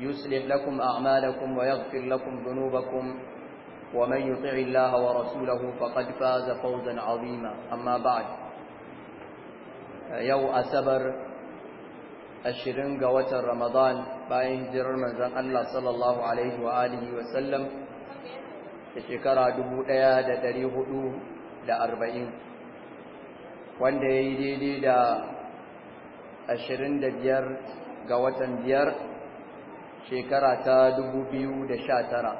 يصلح لكم أعمالكم ويغفر لكم ذنوبكم ومن يطع الله ورسوله فقد فاز فوزا عظيما أما بعد يو أسبر الشرين قوة رمضان باين هجر رمضان الله صلى الله عليه وآله وسلم تشكرا دبو ديا دا دريه دو دا أربعين وان دا يدي دا الشرين دا بيار قوة بيار shekara ta da sha tara.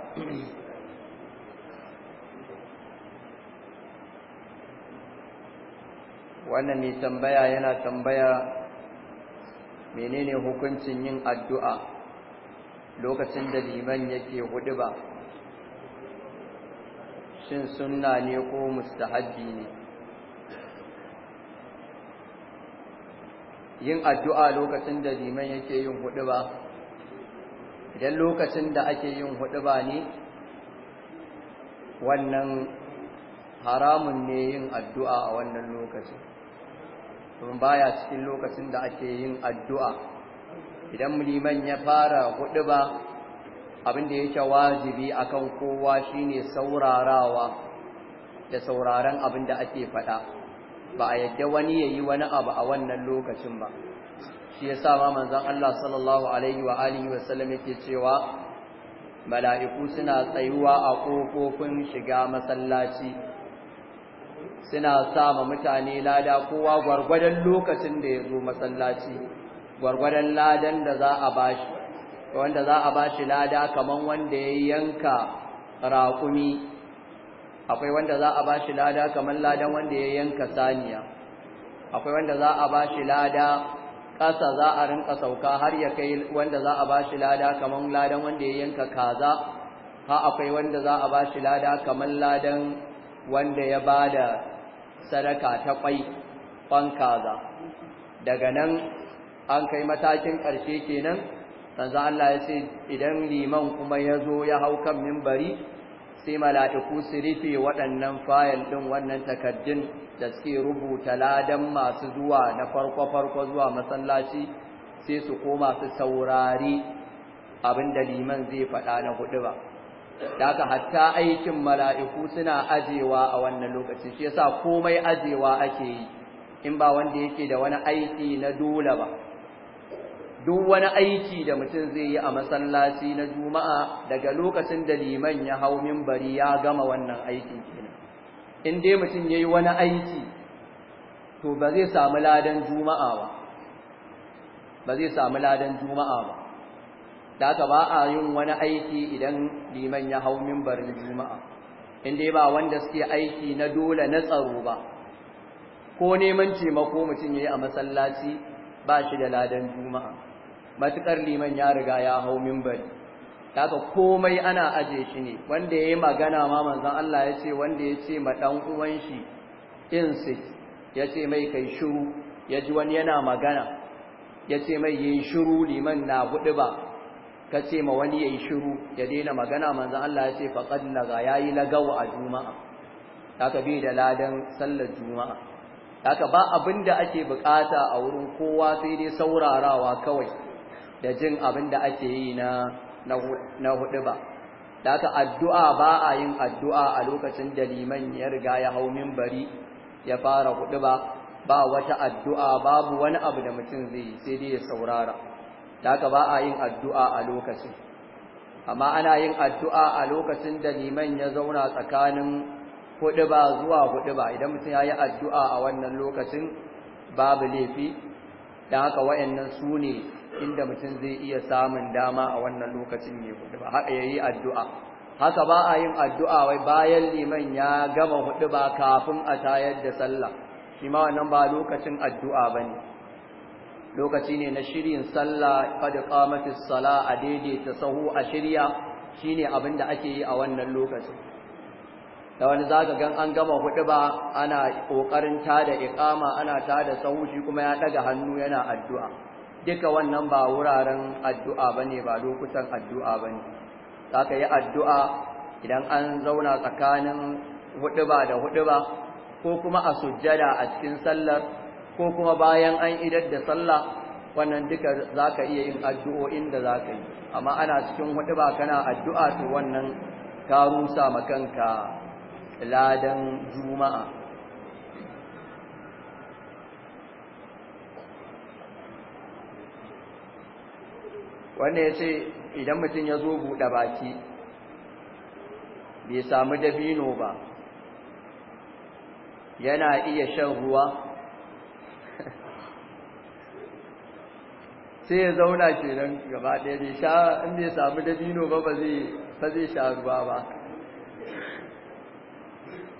wannan mai tambaya yana tambaya menene hukuncin yin addu'a lokacin da liman yake hudu ba shin sunna ne ko mustahabbi ne yin addu'a lokacin da liman yake yin hudu ba idan lokacin da ake yin huɗuba ne wannan haramun ne yin addu'a a wannan lokacin domin baya cikin lokacin da ake yin addu'a idan liman ya fara huɗuba abin da yake wajibi akan kowa shine saurarawa da sauraron abin da ake faɗa ba a yadda wani ya yi wani abu a wannan lokacin ba shi yasa ma manzon Allah sallallahu alaihi wa alihi wa sallam yake cewa mala'iku suna tsayuwa a kofofin shiga masallaci suna sama mutane lada kowa gwargwadon lokacin da ya zo masallaci gwargwadon ladan da za a bashi wanda za a bashi lada kaman wanda ya yanka raƙumi akwai wanda za a bashi lada kaman ladan wanda ya yanka saniya akwai wanda za a bashi lada ƙasa za a rinka sauka har ya kai wanda za a bashi lada kaman ladan wanda ya yanka kaza ha akwai wanda za a bashi lada kaman ladan wanda ya bada sadaka ta kwai kwan kaza daga nan an kai matakin karshe kenan za Allah ya ce idan liman kuma ya zo ya hau kan mimbari sai mala'iku su rufe waɗannan fayil ɗin wannan takardun da suke rubuta ladan masu zuwa na farko-farko zuwa masallaci sai su koma su saurari abin da liman zai faɗa na hudu ba. Da hatta aikin mala'iku suna ajewa a wannan lokaci, shi yasa komai ajewa ake yi, in ba wanda yake da wani aiki na dole ba. duk wani aiki da mutum zai yi a masallaci na juma'a daga lokacin da liman ya hau minbari ya gama wannan aikin kenan in dai mutum yayi wani aiki to ba zai samu ladan juma'a ba ba zai samu ladan juma'a ba da ka ba a yin wani aiki idan liman ya hau minbarin juma'a in dai ba wanda suke aiki na dole na tsaro ba ko neman taimako mutum yayi a masallaci ba shi da ladan juma'a matukar liman ya riga ya hau minbari ka komai ana aje shi ne wanda ya yi magana ma manzan Allah ya ce wanda ya ce ma dan uwan shi in ya ce mai kai shiru ya ji wani yana magana ya ce mai yi shiru liman na hudu ba ka ce ma wani ya yi shiru ya daina magana manzan Allah ya ce na ga ya yayi lagawa a juma'a ka bi da ladan sallar juma'a ka ba abin da ake bukata a wurin kowa sai dai saurarawa kawai da jin abin da ake yi na na hudu ba da addu'a ba a yin addu'a a lokacin da liman ya riga ya hau bari ya fara hudu ba ba wata addu'a babu wani abu da mutum zai yi sai dai ya saurara da haka ba a yin addu'a a lokacin amma ana yin addu'a a lokacin da liman ya zauna tsakanin hudu ba zuwa hudu ba idan mutum ya yi addu'a a wannan lokacin babu laifi da haka wa'yannan su ne inda mutum zai iya samun dama a wannan lokacin ne hudu ba haka yayi addu'a haka ba a yin addu'a wai bayan liman ya gama hudu ba kafin a tayar da sallah shi ma wannan ba lokacin addu'a ba ne. lokaci ne na shirin sallah qad kamatis sala a daidaita sahu a shirya shine abin da ake yi a wannan lokacin da wani za ka gan an gama hudu ba ana ƙoƙarin tada iƙama ana tada sahu shi kuma ya ɗaga hannu yana addu'a duka wannan ba wuraren addu'a bane ba lokutan addu'a bane zaka yi addu'a idan an zauna tsakanin huduba da huduba ko kuma a sujjada a cikin sallar ko kuma bayan an idar da sallah wannan duka zaka iya yin addu'o'in da zaka yi amma ana cikin huduba kana addu'a to wannan ka rusa makanka ladan juma'a wanda ya ce idan mutum ya zo buɗe baki bai samu dabino ba yana iya shan ruwa sai ya zauna ke nan gaba ɗaya da sha in ya samu dabino ba ba zai sha ruwa ba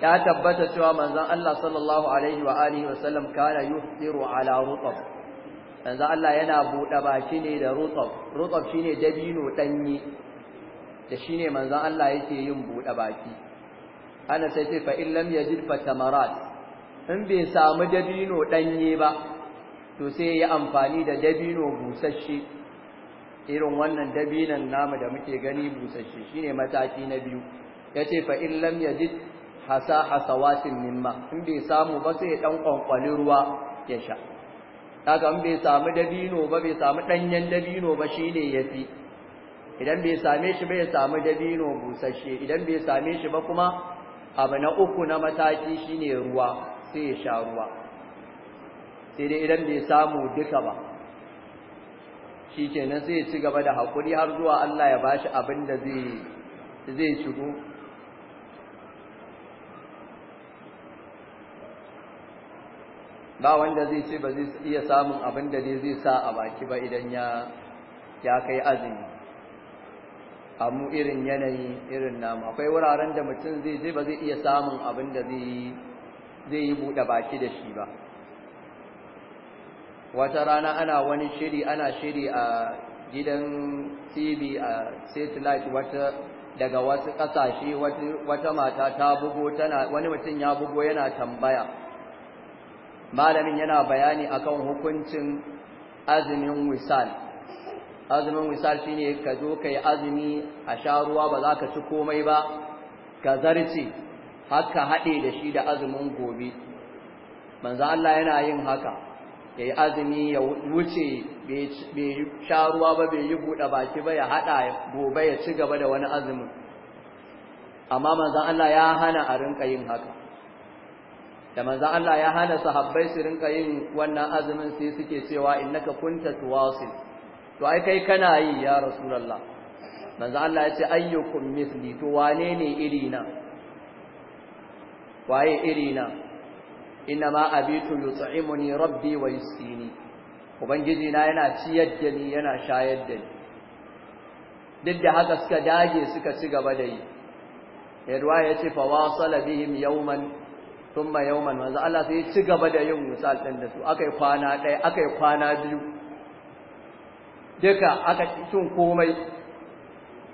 ya tabbata cewa manzan Allah sallallahu Alaihi wa'alihi wasallam kana tsiro ala rutab yanzu Allah yana buɗe baki ne da rutab shi shine dabino danyi da shine manzo Allah yake yin buɗe baki ana sai ce fa in lam yajid fa tamarat in bai samu dabino ɗanye ba to sai ya amfani da dabino busasshe irin wannan dabinan namu da muke gani busasshe shine mataki na biyu yace fa in lam yajid hasa hasawatin mimma in bai samu ba sai ɗan dan ruwa ya sha haka in bai samu dabino ba bai samu danyen dabino ba shine yafi idan bai same shi ba ya samu dabino busashe. idan bai same shi ba kuma abu na uku na mataki shine ruwa sai ya sha ruwa sai dai idan bai samu duka ba shi shikenan sai ya ci gaba da hakuri har zuwa Allah ya bashi abin da zai zai shigo ba wanda zai ce ba zai iya samun abin da zai sa a baki ba idan ya ya kai azumi amma irin yanayi irin namu akwai wuraren da mutum zai je ba zai iya samun abin da zai yi buɗe baki da shi ba wata rana ana wani shiri ana shiri a gidan tv a satellite wata daga wasu ƙasashe wata mata ta bugo tana wani mutum ya bugo yana tambaya malamin yana bayani akan hukuncin azumin wisal azumin wisal shine ka zo kai azumi a sha ba za ka ci komai ba ka zarce haka haɗe da shi da azumin gobe manzo Allah yana yin haka yayi azumi ya wuce bai sha ruwa ba bai yi buɗe baki ba ya haɗa gobe ya ci gaba da wani azumin amma manzo Allah ya hana a rinka yin haka da manza Allah ya hana sahabbai su rinka yin wannan azumin sai suke cewa innaka kunta tuwasil to ai kai kana yi ya rasulullah manzon Allah ya ce ayyukum mithli to wane ne iri na waye iri na inma abitu yut'imuni rabbi wa yusqini ubangiji na yana ciyar da ni yana shayar da ni duk da haka suka dage suka ci gaba da yi Yarwa ya ce fa wasala bihim yawman Sun yawman manzo Allah sai ci gaba da yin misal ɗin da su Aka yi kwana ɗaya aka yi kwana biyu duka aka cikin komai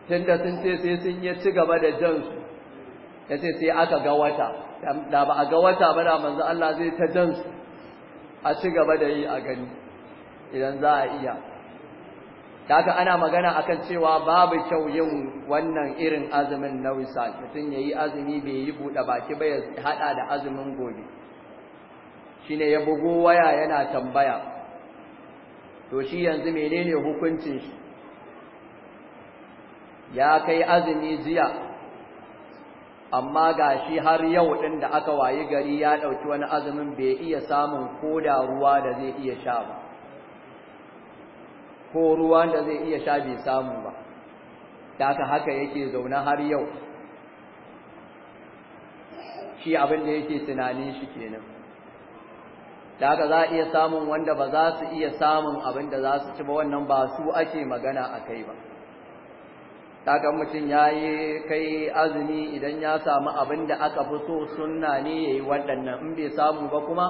tunda sun ce sai sun yi ci gaba da jan su ce sai aka ga wata da ba a ga wata ba da manzo Allah zai ta jansu a ci gaba da yi a gani idan za a iya kaga ana magana akan cewa babu kyau yin wannan irin azumin na wisal mutum yayi azumi bai yi bude baki ba ya hada da azumin gobe shine ya bugo waya yana tambaya to shi yanzu menene hukuncin shi ya kai azumi jiya amma ga shi har yau din da aka wayi gari ya ɗauki wani azumin bai iya samun koda ruwa da zai iya sha ba ko ruwa da zai iya sha bai samu ba daga haka yake zaune har yau shi abin da yake tunani shi kenan daga za a iya samun wanda ba za su iya samun abin da za su ci ba wannan ba su ake magana a kai ba daga mutum ya yi kai azumi idan ya samu abin da aka fi so sunna ne ya yi waɗannan in bai samu ba kuma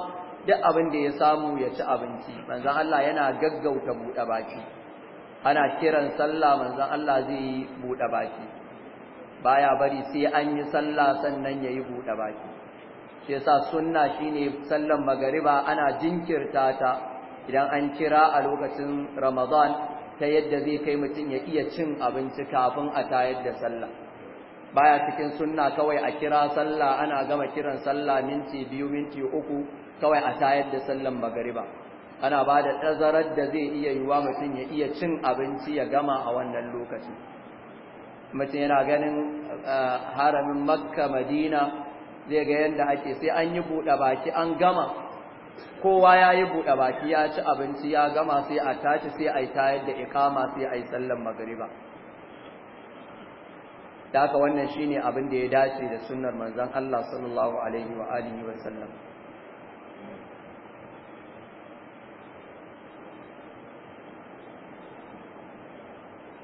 duk abin da ya samu ya ci abinci manzon Allah yana gaggauta buɗe baki ana kiran sallah manzon Allah zai yi buɗe baki baya bari sai an yi sallah sannan yayi buɗe baki shi yasa sunna shine sallan magariba ana jinkirta ta idan an kira a lokacin Ramadan ta yadda zai kai mutum ya iya cin abinci kafin a tayar da sallah baya cikin sunna kawai a kira sallah ana gama kiran sallah minti biyu minti uku kawai a tayar da sallan magariba ana ba da tazarar da zai iya yiwa mutum ya iya cin abinci ya gama a wannan lokaci mutum yana ganin haramin makka madina zai ga yadda ake sai an yi buɗe baki an gama kowa ya yi buɗe baki ya ci abinci ya gama sai a tashi sai a yi tayar da ikama sai a yi sallan magariba da haka wannan shine abin da ya dace da sunnar manzon Allah sallallahu alaihi wa alihi wa sallam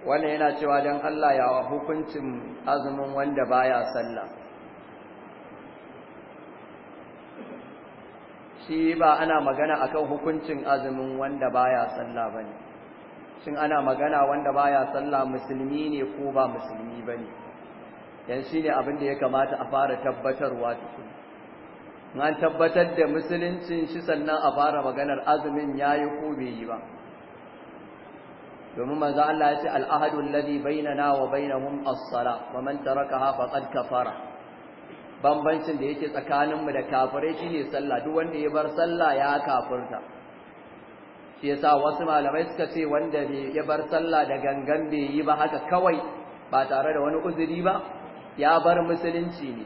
wannan yana cewa don Allah yawa hukuncin azumin wanda baya sallah shi ba ana magana akan hukuncin azumin wanda baya sallah bane shin ana magana wanda baya sallah musulmi ne ko ba musulmi bane shi shine abin da ya kamata a fara tabbatarwa tukun an tabbatar da musuluncin shi sannan a fara maganar azumin yayi ko bai yi ba domin manzo Allah ya ce al'ahadu alladhi bainana wa bainahum as-sala wa man tarakaha faqad kafara bambancin da yake tsakaninmu da kafirai shine sallah duk wanda ya bar sallah ya kafirta shi yasa wasu malamai suka ce wanda ya bar sallah da gangan bai yi ba haka kawai ba tare da wani uzuri ba ya bar musulunci ne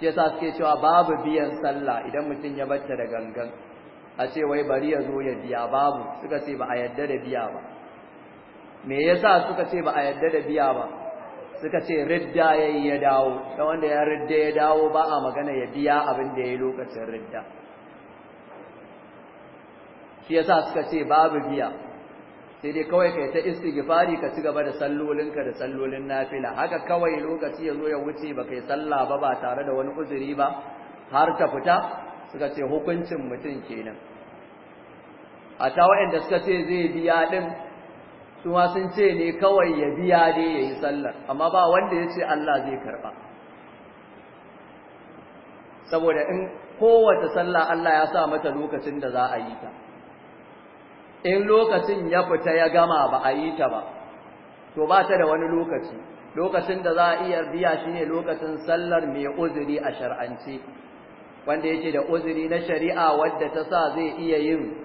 shi yasa suke cewa babu biyan sallah idan mutum ya batta da gangan a ce wai bari ya zo ya biya babu suka ce ba a yadda da biya ba me yasa suka ce ba a yadda da biya ba suka ce ridda yayi ya dawo da wanda ya ridda ya dawo ba a magana ya biya abin da yayi lokacin ridda shi yasa suka ce babu biya sai dai kawai kai ta istighfari ka ci gaba da sallolinka da sallolin nafila haka kawai lokaci yazo ya wuce ba kai sallah ba ba tare da wani uzuri ba har ta fita suka ce hukuncin mutum kenan a ta waɗanda suka ce zai biya din. su sun ce ne kawai ya biya dai ya yi sallar amma ba wanda ya ce Allah zai karɓa saboda in kowace sallah Allah ya sa mata lokacin da za a yi ta in lokacin ya fita ya gama ba a yi ta ba to ba ta da wani lokaci lokacin da za a iya biya shi ne lokacin sallar mai uzuri a shar'ance wanda yake da uzuri na shari'a wadda ta sa zai iya yin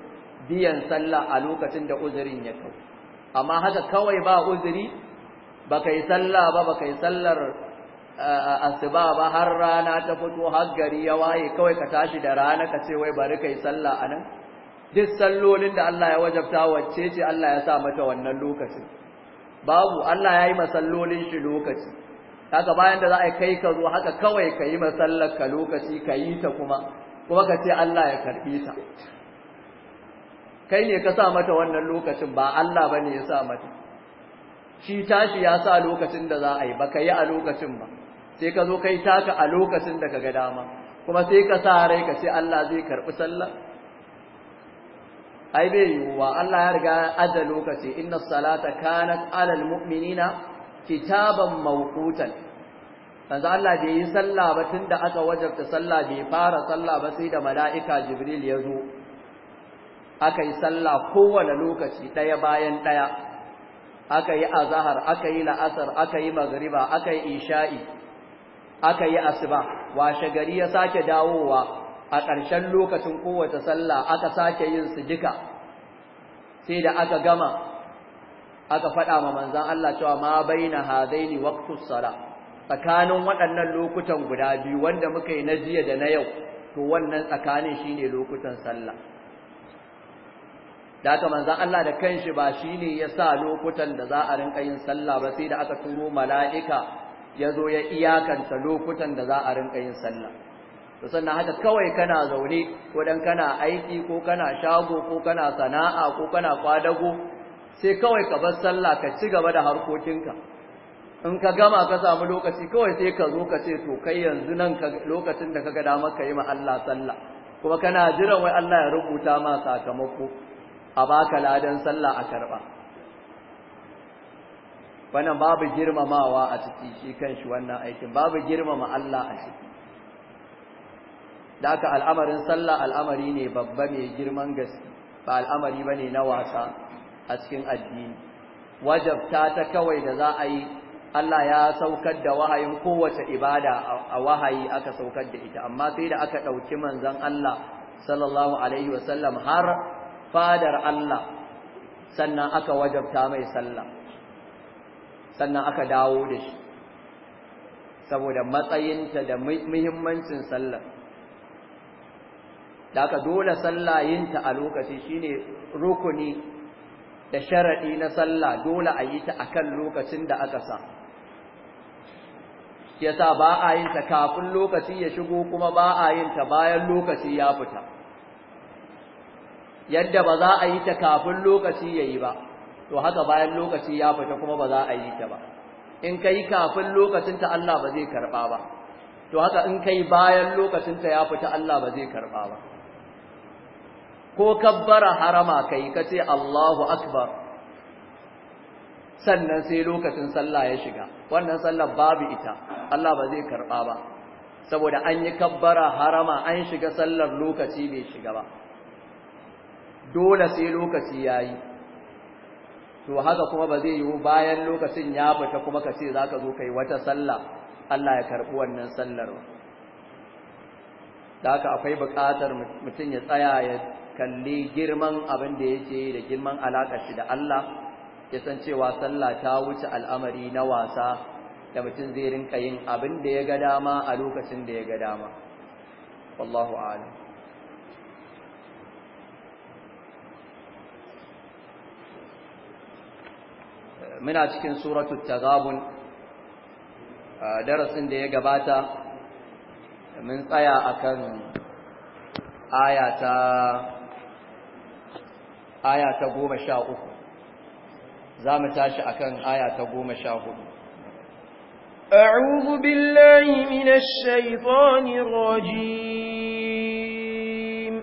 biyan sallah a lokacin da uzurin ya kawo amma haka kawai ba uzuri ba kai sallah ba ba kai sallar eh, asuba ba har rana ta fito har gari ya waye kawai ka tashi da rana ka ce wai bari kai sallah anan duk sallolin da Allah ya wajabta wacce ce Allah ya sa mata wannan lokacin babu Allah ya yi masallolin shi lokaci haka bayan da za a kai ka zo haka kawai ka yi masallar ka lokaci ka yi ta kuma kuma ka ce Allah ya karɓi ta kai ne ka sa mata wannan lokacin ba Allah ba ne ya sa mata shi tashi ya sa lokacin da za a yi ba ka yi a lokacin ba sai ka zo kai taka a lokacin da ka ga dama kuma sai ka sa rai ka ce Allah zai karɓi sallah ai bai wa Allah ya riga adda lokaci inna salata kanat alal mu'minina kitaban mawqutan yanzu Allah bai yi sallah ba tunda aka wajabta sallah bai fara sallah ba sai da mala'ika Jibril ya zo aka yi sallah kowane lokaci ɗaya bayan ɗaya aka yi azahar aka yi la'asar aka yi magriba aka yi isha'i aka yi asuba washe gari ya sake dawowa a ƙarshen lokacin kowace sallah aka sake yin su duka sai da aka gama aka faɗa ma manzan Allah cewa ma baina hadaini waqtus sala tsakanin waɗannan lokutan guda biyu wanda muka yi na jiya da na yau to wannan tsakanin shine lokutan sallah da aka manzan Allah da kanshi ba shi ne ya sa lokutan da za a rinka yin sallah ba sai da aka turo mala'ika ya zo ya iyakanta lokutan da za a rinka yin sallah to sannan haka kawai kana zaune ko dan kana aiki ko kana shago ko kana sana'a ko kana kwadago sai kawai ka bar sallah ka ci gaba da harkokinka in ka gama ka samu lokaci kawai sai ka zo ka ce to kai yanzu nan lokacin da kaga damar ka yi ma Allah sallah kuma kana jiran wai Allah ya rubuta ma sakamako a baka ladan sallah a karba wannan babu girmamawa a ciki shi kanshi wannan aikin babu girmama Allah a ciki da aka al'amarin sallah al'amari ne babba mai girman gaske ba al'amari bane na wasa a cikin addini wajabta ta kawai da za a yi Allah ya saukar da wahayin kowace ibada a wahayi aka saukar da ita amma sai da aka ɗauki manzon Allah sallallahu alaihi wasallam har fadar Allah sannan aka wajabta mai sallah sannan aka dawo da shi saboda matsayinta da muhimmancin sallah da aka dole sallayinta yinta a lokaci shine rukuni da sharadi na sallah dole a yi ta a kan lokacin da aka sa yasa ba a yin ta kafin lokaci ya shigo kuma ba a yin ta bayan lokaci ya fita yadda ba za a yi ta kafin lokaci ya yi ba to haka bayan lokaci ya fita kuma ba za a yi ta ba in ka yi kafin lokacinta Allah ba zai karɓa ba to haka in ka yi bayan lokacinta ya fita Allah ba zai karɓa ba ko kabbara harama kai ka ce Allahu akbar sannan sai lokacin sallah ya shiga wannan sallar babu ita Allah ba zai karɓa ba saboda an yi kabbara harama an shiga sallar lokaci bai shiga ba dole sai lokaci yayi to haka kuma ba zai yiwu bayan lokacin ya fita kuma ka ce zaka zo kai wata sallah Allah ya karbi wannan sallar da haka akwai buƙatar mutum ya tsaya ya kalli girman abin da yake da girman alakar shi da Allah ya san cewa sallah ta wuce al'amari na wasa da mutum zai rinka yin abin da ya ga dama a lokacin da ya ga dama wallahu a'lam muna cikin suratul tagabun darasin da ya gabata mun tsaya akan aya ta aya ta 13 zamu tashi akan aya ta 14 a'udhu billahi minash الشيطان rajim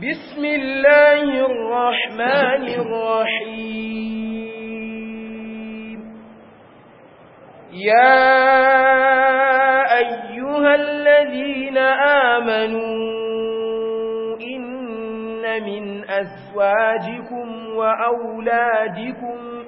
bismillahir rahmanir rahim يا أيها الذين آمنوا إن من أزواجكم وأولادكم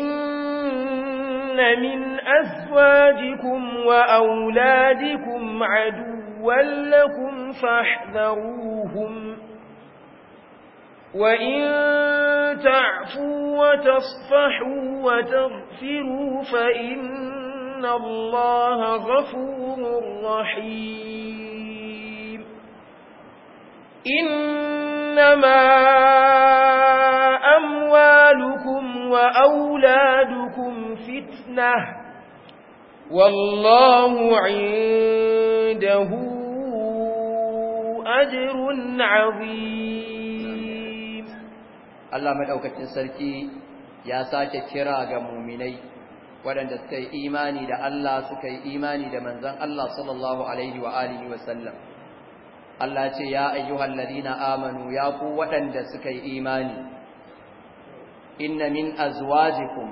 إن من أزواجكم وأولادكم عدوا لكم فاحذروهم وإن تعفوا وتصفحوا وتغفروا فإن الله غفور رحيم إنما أموالكم وأولادكم فتنة والله عنده أجر عظيم Allah madaukakin sarki ya sake kira ga mu'minai waɗanda suka yi imani da Allah suka yi imani da manzon Allah sallallahu alaihi wa alihi wa sallam Allah ce ya ayyuhal ladina amanu ya ku waɗanda suka yi imani inna min azwajikum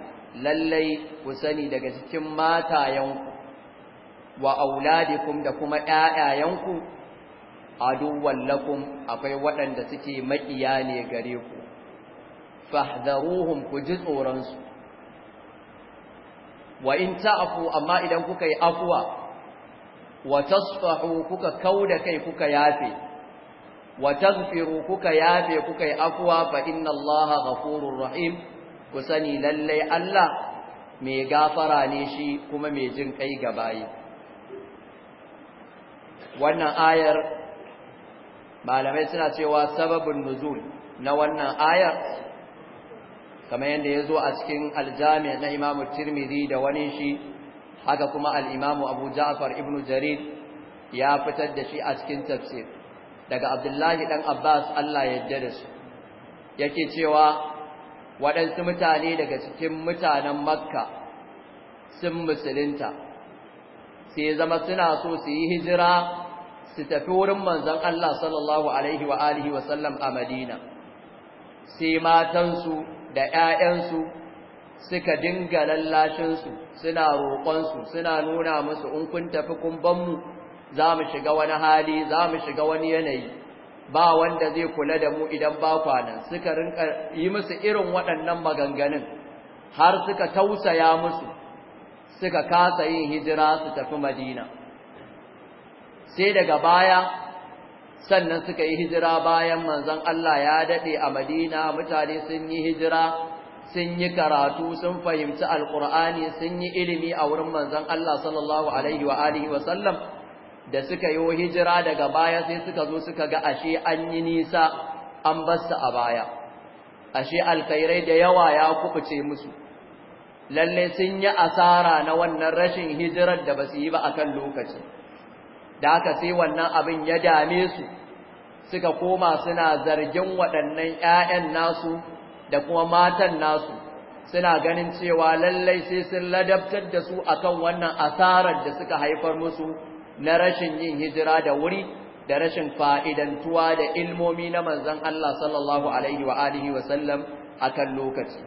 lallai ku sani daga cikin matayenku, wa auladikum da kuma ƴaƴayenku, aduwwan lakum akwai waɗanda suke maƙiya ne gare ku fahdharuhum ku ji tsoronsu. wa in ta'fu amma idan kuka yi afwa wa tasfahu kuka kauda kai kuka yafe wa taghfiru kuka yafe kuka yi afwa fa inna allaha ghafurur rahim ku sani lalle Allah mai gafara ne shi kuma mai jin kai ga bayi wannan ayar malamai suna cewa sababin nuzul na wannan ayar kamar yadda ya zo a cikin aljami na imamu tirmidhi da wani shi haka kuma al'imamu abu ja'far ibn jarir ya fitar da shi a cikin tafsir daga abdullahi ɗan abbas allah yadda da su yake cewa waɗansu mutane daga cikin mutanen makka sun musulunta sai zama suna so su yi hijira su tafi wurin manzon allah sallallahu alaihi wa alihi a madina sai matansu da ‘ya'yansu suka dinga lallashinsu suna roƙonsu suna nuna musu in kun tafi kumbanmu za mu shiga wani hali za mu shiga wani yanayi ba wanda zai kula da mu idan ba kwanan suka rinka yi musu irin waɗannan maganganun har suka tausaya musu suka kasa yin hijira su tafi madina sai daga baya sannan suka yi hijira bayan manzon Allah ya dade a Madina mutane sun yi hijira sun yi karatu sun fahimci alqur'ani sun yi ilimi a wurin manzon Allah sallallahu alaihi wa alihi wa sallam da suka yi hijira daga baya sai suka zo suka ga ashe an yi nisa an bar a baya ashe alkhairai da yawa ya kubuce musu lalle sun yi asara na wannan rashin hijirar da basu yi ba akan lokaci da aka sai wannan abin ya dame su suka koma suna zargin waɗannan ‘ya'yan nasu da kuma matan nasu suna ganin cewa lallai sai sun ladabtar da su akan wannan asarar da suka haifar musu na rashin yin hijira da wuri da rashin fa'idantuwa da ilmomi na manzan Allah sallallahu Alaihi wa alihi a kan lokaci.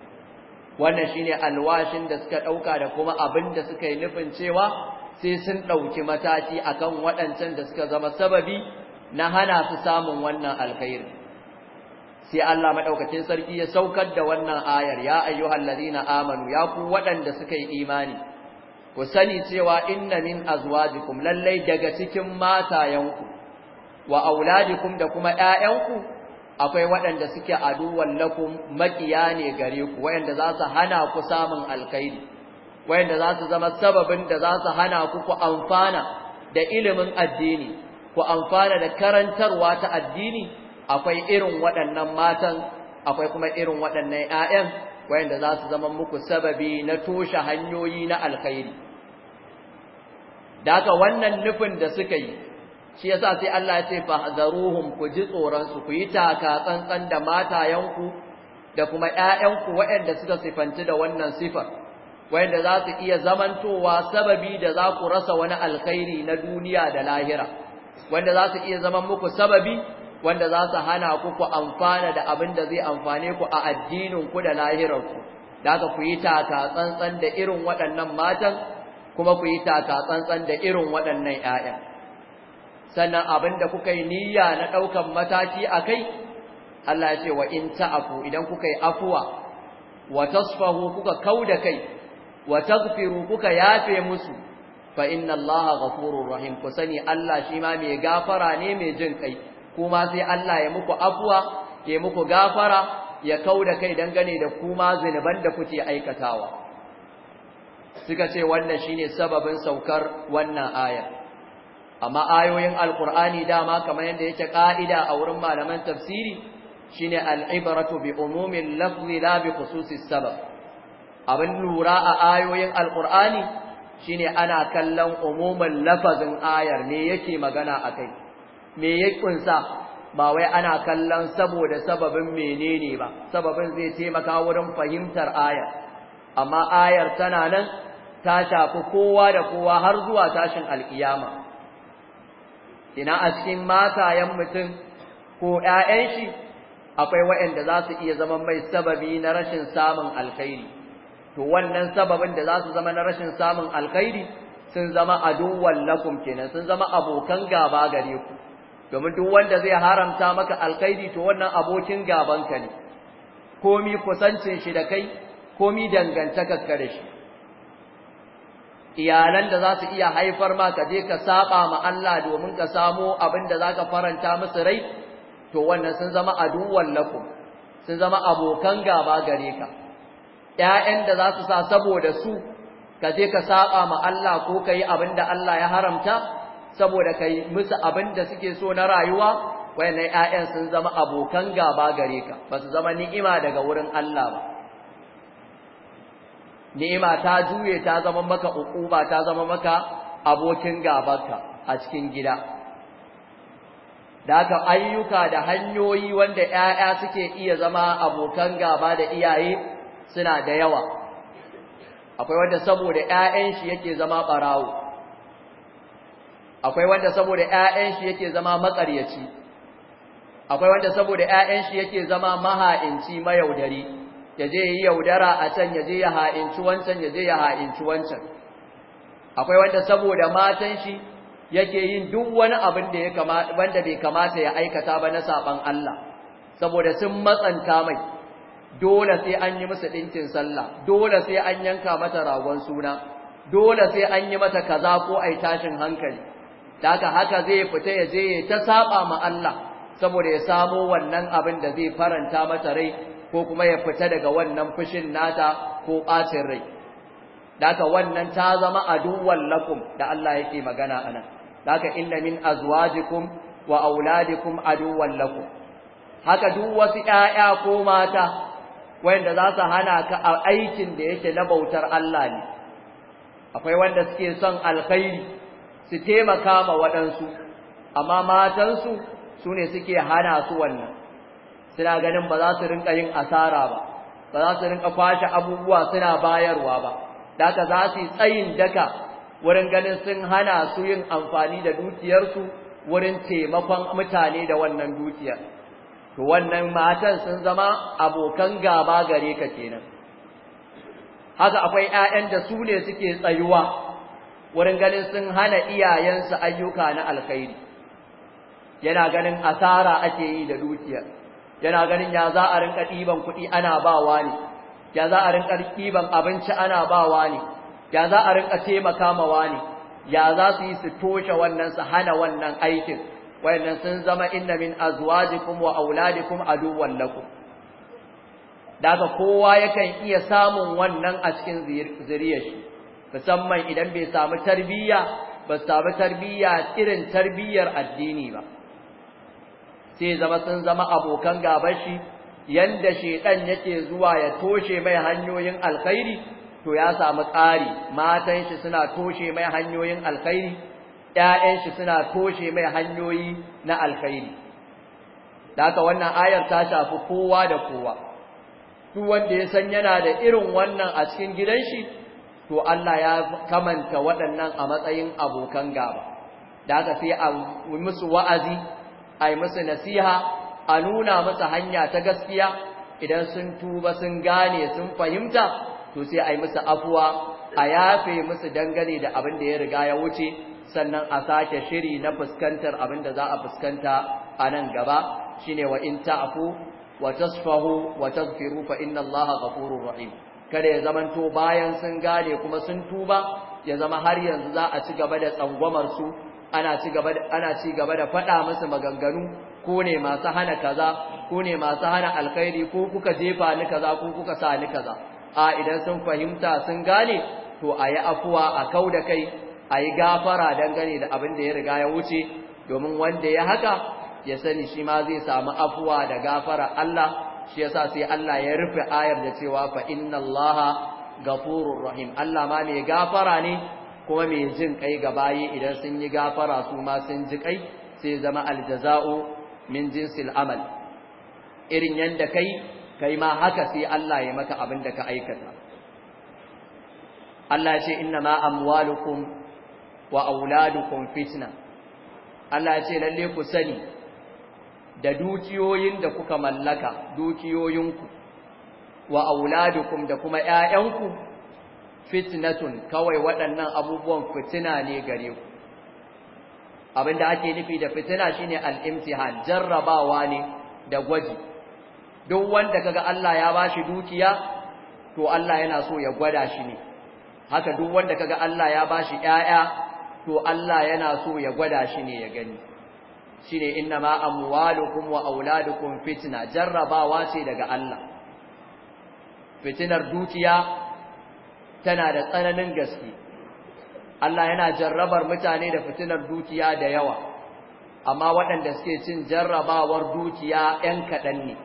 Wannan shi ne alwashin da suka ɗauka da kuma abin da suka yi nufin cewa sai sun ɗauki mataki akan waɗancan da suka zama sababi na hana su samun wannan alkhairi sai Allah maɗaukacin sarki ya saukar da wannan ayar ya ayyuhal ladina amanu ya ku waɗanda suka yi imani ku sani cewa inna min azwajikum lallai daga cikin yanku wa auladikum da kuma 'ya'yanku? akwai waɗanda suke aduwan lakum maƙiya ne gare ku waɗanda za su hana ku samun alkhairi wayanda za su zama sababin da za su hana ku ku amfana da ilimin addini ku amfana da karantarwa ta addini akwai irin waɗannan matan akwai kuma irin waɗannan ƴaƴan wayanda za su zama muku sababi na toshe hanyoyi na alkhairi daga wannan nufin da suka yi shi yasa sai Allah ya ce hazaruhum ku ji tsoronsu su ku yi taka tsantsan da matayanku da kuma ƴaƴanku waɗanda suka sifanci da wannan sifar wanda za su iya zamantowa sababi da za ku rasa wani alkhairi na duniya da lahira wanda za su iya zaman muku sababi wanda za su hana ku ku amfana da abin da zai amfane ku a addininku da lahirarku da haka ku yi taka tsantsan da irin waɗannan matan kuma ku yi taka tsantsan da irin waɗannan ‘ya'ya sannan abin da kuka yi niyya na ɗaukan mataki a kai Allah ya ce wa in ta'afu idan kuka yi afuwa wa tasfahu kuka kau da kai wa taghfiru kuka yafe musu fa inna allaha ghafurur rahim ku sani Allah shi ma mai gafara ne mai jin kai kuma sai Allah ya muku afuwa ya muku gafara ya kauda kai dangane da kuma zinuban da kuke aikatawa suka ce wannan shine sababin saukar wannan aya amma ayoyin alqur'ani dama kamar yadda yake ka'ida a wurin malaman tafsiri shine al'ibratu bi umumil lafzi la bi khususis sabab abin lura a ayoyin alkur'ani shine ana kallon umuman lafazin ayar me yake magana akai me ya kunsa ba wai ana kallon saboda sababin menene ba sababin zai taimaka wurin fahimtar ayar amma ayar tana nan ta shafi kowa da kowa har zuwa tashin alkiyama ina a cikin matayen mutum ko 'ya'yan shi akwai waɗanda za su iya zama mai sababi na rashin samun alkhairi to wannan sababin da za su zama na rashin samun alkhairi sun zama aduwwan lakum kenan sun zama abokan gaba gare ku domin duk wanda zai haramta maka alkhairi to wannan abokin gaban ka ne komi kusancin shi da kai komi dangantakar ka da shi iyalan da za su iya haifar ma ka je ka saba ma Allah domin ka samo abin da zaka faranta musu rai to wannan sun zama aduwwan lakum sun zama abokan gaba gare ka ƴaƴan da za su sa saboda su ka je ka saba ma Allah ko kai abin da Allah ya haramta saboda kai musu abin da suke so na rayuwa wayannan ƴaƴan sun zama abokan gaba gare ka ba su zama ni'ima daga wurin Allah ba ni'ima ta juye ta zama maka uquba ta zama maka abokin gabanka a cikin gida da haka ayyuka da hanyoyi wanda ƴaƴa suke iya zama abokan gaba da iyaye suna da yawa akwai wanda saboda ƴaƴan shi yake zama barawo akwai wanda saboda ƴaƴan shi yake zama makaryaci akwai wanda saboda ƴaƴan shi yake zama maha'inci mayaudari yaje yi yaudara a can yaje ya ha'inci wancan yaje ya ha'inci wancan akwai wanda saboda matan shi yake yin duk wani abin da ya kamata wanda bai kamata ya aikata ba na saban Allah saboda sun matsanta mai dole sai an yi musu ɗinkin sallah dole sai an yanka mata ragon suna dole sai an yi mata kaza ko ai tashin hankali daga haka zai fita ya je ya ta saba ma Allah saboda ya samo wannan abin da zai faranta mata rai ko kuma ya fita daga wannan fushin nata ko ɓacin rai daga wannan ta zama aduwwan lakum da Allah yake magana anan daga inna min azwajikum wa auladikum aduwwan lakum haka duk wasu 'ya'ya ko mata wanda za su hana ka a aikin da yake na bautar Allah ne akwai wanda suke son alkhairi su taimaka ma waɗansu amma matansu su ne suke hana su wannan suna ganin ba za su rinka yin asara ba ba za su rinka kwashe abubuwa suna bayarwa ba da haka za su yi tsayin daka wurin ganin sun hana su yin amfani da dukiyarsu wurin taimakon mutane da wannan dukiyar to wannan matan sun zama abokan gaba gare ka kenan haka akwai ƴaƴan da su ne suke tsayuwa wurin ganin sun hana iyayensu ayyuka na alkhairi yana ganin asara ake yi da dukiya yana ganin ya za a rinka ɗiban kuɗi ana bawa ne ya za a rinka ɗiban abinci ana bawa ne ya za a rinka taimaka mawa ne ya za su yi su toshe wannan su hana wannan aikin Wannan sun zama inna min azwajikum wa auladikum aduwwan lakum daga kowa yakan iya samun wannan a cikin zuriyar shi musamman idan bai samu tarbiyya ba samu tarbiyya irin tarbiyyar addini ba sai zama sun zama abokan gaban shi yanda shedan yake zuwa ya toshe mai hanyoyin alkhairi to ya samu ƙari matan shi suna toshe mai hanyoyin alkhairi ‘ya'yan shi suna koshe mai hanyoyi na alkhairi. Daka wannan ayar ta shafi kowa da kowa, Su wanda ya san yana da irin wannan a cikin gidan shi, to Allah ya kamanta waɗannan a matsayin abokan gaba. Daka sai a musu wa'azi, a yi musu nasiha, a nuna musu hanya ta gaskiya, idan sun tuba sun gane sun fahimta, to sai a yi musu afuwa, a yafe musu dangane da abin da ya riga ya wuce, sannan a sake shiri na fuskantar abin da za a fuskanta a nan gaba Shi ne wa in ta'afu wa tasfahu wa taghfiru fa inna Allaha ghafurur rahim kada ya zamanto bayan sun gane kuma sun tuba ya zama har yanzu za a ci gaba da tsangwamar su ana ci gaba da ana ci faɗa musu maganganu ko ne masu hana kaza ko ne masu hana alkhairi ko kuka jefa ni kaza ko kuka sa ni kaza a idan sun fahimta sun gane to ayi yi afuwa a kau da kai a yi gafara dangane da abin da ya riga ya wuce domin wanda ya haka ya sani shi ma zai samu afuwa da gafara Allah shi yasa sai Allah ya rufe ayar da cewa fa inna Allah gafurur rahim Allah ma mai gafara ne kuma mai jin kai ga bayi idan sun yi gafara su ma sun ji kai sai zama aljaza'u min jinsil amal irin yanda kai kai ma haka sai Allah ya maka abin da ka aikata Allah ya ce inna ma amwalukum wa auladukum fitna Allah ya ce lalle ku sani da dukiyoyin da kuka mallaka dukiyoyinku wa auladukum da kuma ƴaƴanku fitnatun kawai waɗannan abubuwan fitina ne gare ku abinda ake nufi da fitina shine al-imtihan jarrabawa ne da gwaji duk wanda kaga Allah ya bashi dukiya to Allah yana so ya gwada shi ne haka duk wanda kaga Allah ya bashi ƴaƴa to Allah yana so ya gwada shi ne ya gani shi shine inna ma amwalukum wa auladukum fitna jarrabawa ce daga Allah fitinar dukiya tana da tsananin gaske Allah yana jarrabar mutane da fitinar dukiya da yawa amma waɗanda suke cin jarrabawar dukiya ɗan kaɗan ne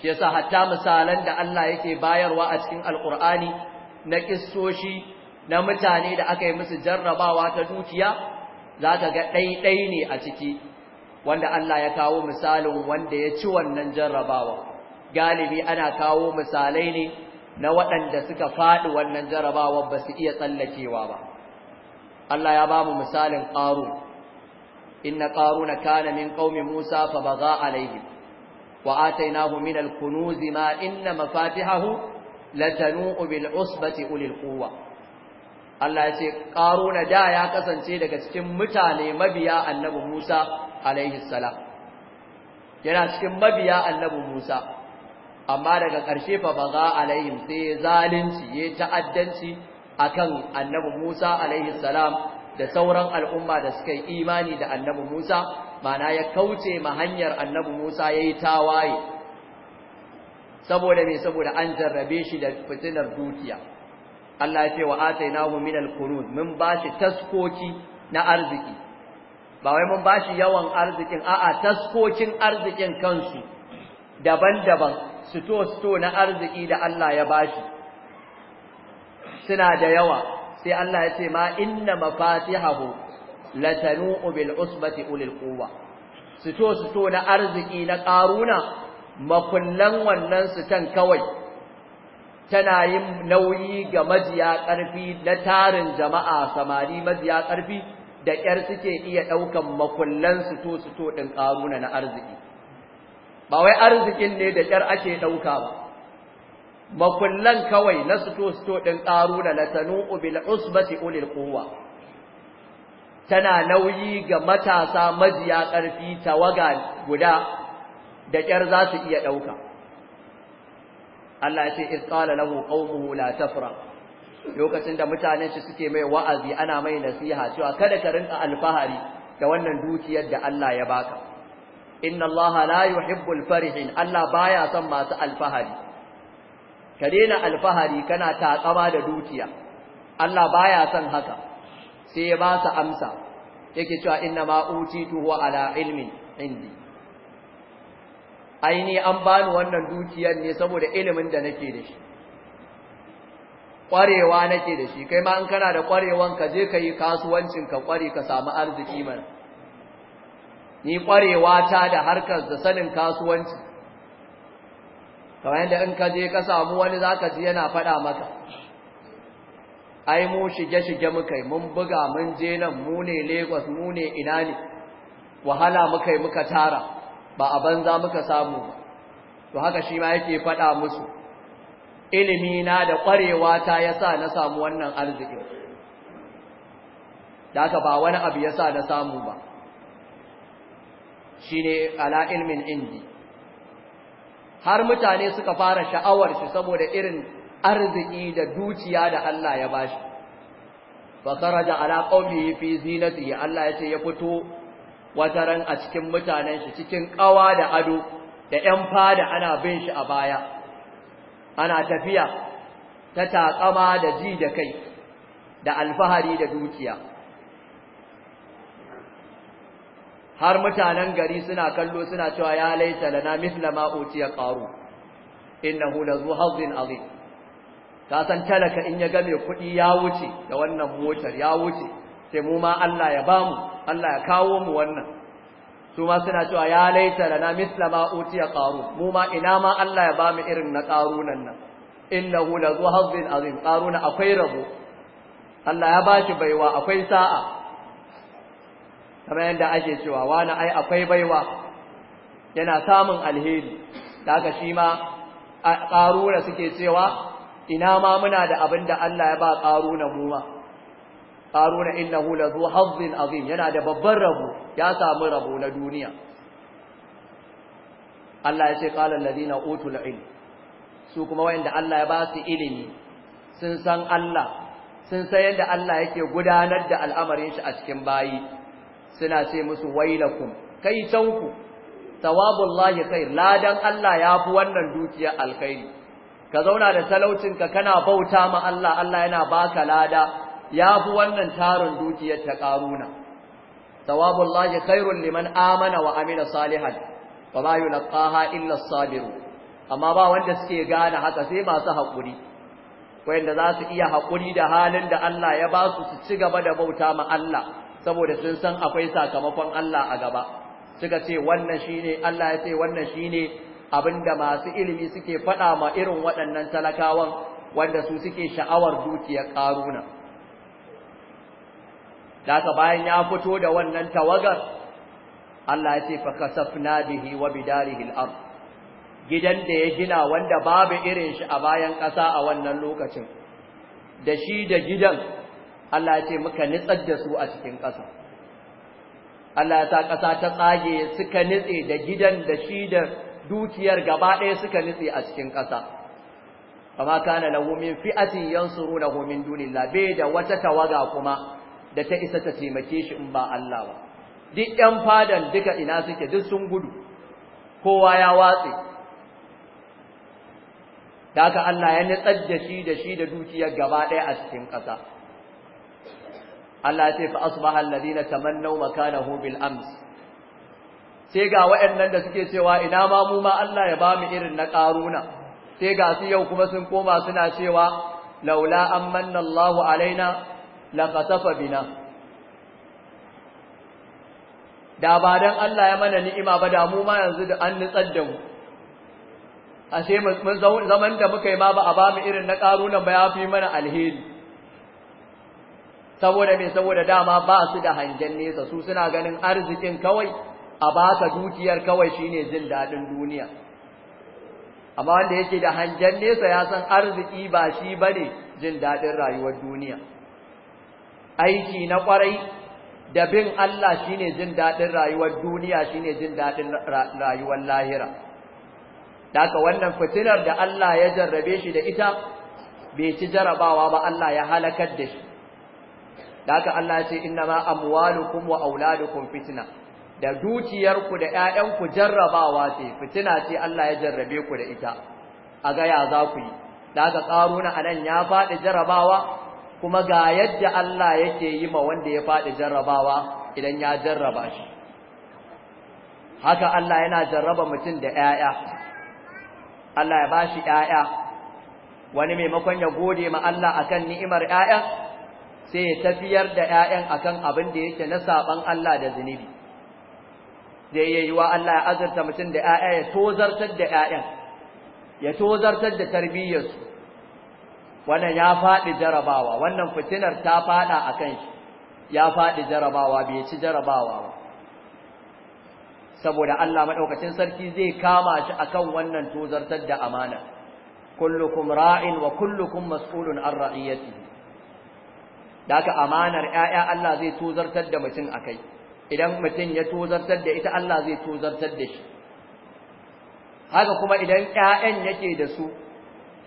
shi yasa hatta misalan da Allah yake bayarwa a cikin alkur'ani na kissoshi na mutane da aka yi musu jarrabawa ta dukiya za ka ga ɗaiɗai ne a ciki wanda Allah ya kawo misalin wanda ya ci wannan jarrabawa galibi ana kawo misalai ne na waɗanda suka faɗi wannan jarrabawa ba su iya tsallakewa ba Allah ya ba mu misalin ƙaru inna na kana min qaumi Musa fa baga alaihim wa atainahu min al-kunuz ma inna mafatihahu latanu bil usbati ulil quwwa Allah ya ce ƙaruna da ya kasance daga cikin mutane mabiya annabi Musa alaihi salam yana cikin mabiya annabi Musa amma daga ƙarshe fa baga alaihim sai zalunci ya ta'addanci akan annabi Musa alaihi salam da sauran al'umma da suka yi imani da annabi Musa mana ya kauce ma hanyar annabi Musa yayi tawaye saboda me saboda an jarrabe shi da fitinar dukiya Allah ya ce wa atainahu min al-kunuz mun bashi taskoki na arziki ba wai mun bashi yawan arzikin a'a taskokin arzikin kansu daban-daban suto-suto na arziki da Allah ya bashi suna da yawa sai Allah ya ce ma inna mafatihahu latanu'u bil usbati ulil quwwa suto-suto na arziki na karuna makullan wannan su kan kawai tana yin nauyi ga majiya ƙarfi na tarin jama'a samari majiya ƙarfi da ƙyar suke iya ɗaukan makullan su to ɗin ƙaruna na arziki ba wai arzikin ne da ƙyar ake ɗauka ba makullan kawai na su to ɗin ƙaruna na tanu'u bil usbati ulil quwwa tana nauyi ga matasa majiya ƙarfi tawaga guda da ƙyar za su iya ɗauka Allah ya ce iz qala lahu qaumuhu la tafra lokacin da mutanen shi suke mai wa'azi ana mai nasiha cewa kada ka rinka alfahari da wannan dukiyar da Allah ya baka inna Allah la yuhibbul farihin Allah baya son masu alfahari ka daina alfahari kana takama da dukiya Allah baya son haka sai ya ba su amsa yake cewa inna ma utitu wa ala ilmin indi aini an bani wannan dukiyar ne saboda ilimin da nake da shi ƙwarewa nake da shi kai ma in kana da kwarewan ka je kai yi kasuwancin ka kware ka samu arziki mana ni ƙwarewa ta da harkar da sanin kasuwanci kamar yadda in ka je ka samu wani zaka ji yana faɗa maka ai mu shige-shige muka yi mun buga mun je nan mu ne lagos mu ne ina ne wahala muka yi muka tara ba a banza muka samu to haka shi ma yake faɗa musu ilimi na da ƙwarewa ta yasa na samu wannan arzikin da haka ba wani abu yasa na samu ba shine ala ilmin indi har mutane suka fara sha'awar shi saboda irin arziki da dukiya da Allah ya bashi fa kharaja ala qaumihi fi zinatihi Allah yace ya fito wataran a cikin mutanen shi cikin kawa da ado da ƴan fada ana bin shi a baya ana tafiya ta takama da ji da kai da alfahari da dukiya har mutanen gari suna kallo suna cewa ya laita lana mithla ma utiya qaru innahu lazu hazzin azim ka san talaka in ya ga mai kuɗi ya wuce da wannan motar ya wuce sai mu ma Allah ya bamu Allah ya kawo mu wannan su ma suna cewa ya laita lana misla ma utiya qarun mu ma ina ma Allah ya bamu irin na qarunan nan innahu la zu azim qaruna akwai rabo Allah ya bashi baiwa akwai sa'a kamar yadda ake cewa wani ai akwai baiwa yana samun alheri da haka shi ma qaruna suke cewa ina ma muna da abin da Allah ya ba qaruna mu ma haruna innahu lazu hazzin azim yana da babban rabo ya samu rabo na duniya Allah ya ce qala alladhina utul ilm su kuma wayanda Allah ya ba su ilimi sun san Allah sun san yadda Allah yake gudanar da al'amarin shi a cikin bayi suna ce musu wailakum kai tanku tawabullahi khair ladan Allah ya fi wannan dukiya alkhairi ka zauna da talaucinka kana bauta ma Allah Allah yana baka lada ya fi wannan tarin dukiyar ta ƙaruna thawabullahi khairun liman amana wa Amina salihan wa ma yulqaha illa as-sabiru amma ba wanda suke gane haka sai masu hakuri wanda za su iya haƙuri da halin da Allah ya ba su su ci gaba da bauta ma Allah saboda sun san akwai sakamakon Allah a gaba suka ce wannan shine Allah ya ce wannan shine abinda masu ilimi suke faɗa ma irin waɗannan talakawan wanda su suke sha'awar dukiyar ƙaruna Daka bayan ya fito da wannan tawagar, Allah ya ce fa kasafna bihi wa bidarihi al-ard. Gidan da ya gina wanda babu irin shi a bayan ƙasa a wannan lokacin. Da shi da gidan Allah ya ce muka nitsar da su a cikin ƙasa. Allah ya sa ƙasa ta tsage suka nitse da gidan da shi da dukiyar gaba ɗaya suka nitse a cikin ƙasa. Kama kana lahu min fi'atin yansurunahu min dunillah bai da wata tawaga kuma da ta isa ta taimake shi in ba Allah ba duk ƴan fadan duka ina suke duk sun gudu kowa ya watse da aka Allah ya nitsar da shi da shi da dukiyar gaba ɗaya a cikin ƙasa Allah ya ce fa asbaha alladhina tamannaw makanahu bil ams sai ga waɗannan da suke cewa ina ma mu ma Allah ya bamu irin na ƙaruna sai ga su yau kuma sun koma suna cewa laula amanna Allahu alaina laqatafa bina da ba dan Allah ya mana ni'ima ba da mu ma yanzu da an nutsar da mu ashe mun zaman da muka yi ma ba a ba mu irin na karunan ba ya fi mana alheri saboda me saboda dama ba su da hangen nesa su suna ganin arzikin kawai a ba ka dukiyar kawai shine jin dadin duniya amma wanda yake da hangen nesa ya san arziki ba shi bane jin daɗin rayuwar duniya aiki na kwarai da bin Allah shine jin dadin rayuwar duniya shine jin dadin rayuwar lahira daga wannan fitinar da Allah ya jarrabe shi da ita bai ci jarabawa ba Allah ya halakar da shi daga Allah ya ce innama amwalukum wa auladukum fitna da dukiyarku da 'ya'yanku jarrabawa ce fitina ce Allah ya jarrabe ku da ita a ga ya za ku yi daga karuna anan ya faɗi jarrabawa kuma ga yadda Allah yake yi ma wanda ya faɗi jarrabawa idan ya jarraba shi haka Allah yana jarraba mutum da 'ya'ya Allah ya bashi 'ya'ya wani maimakon ya gode ma Allah akan ni'imar 'ya'ya sai ya tafiyar da 'ya'yan akan abin da yake na saban Allah da zunubi da yi wa Allah ya azurta mutum da 'ya'ya ya tozartar da ƴaƴan ya tozartar da tarbiyyarsu wannan ya faɗi jarabawa wannan fitinar ta faɗa a kan shi ya faɗi jarabawa bai ci jarabawa ba saboda Allah maɗaukacin sarki zai kama shi akan wannan tozartar da amana kullukum ra'in wa kullukum mas'ulun an Da daga amanar 'ya'ya Allah zai tozartar da mutum akai idan mutum ya tozartar da ita Allah zai tozartar da shi haka kuma idan 'ya'yan yake da su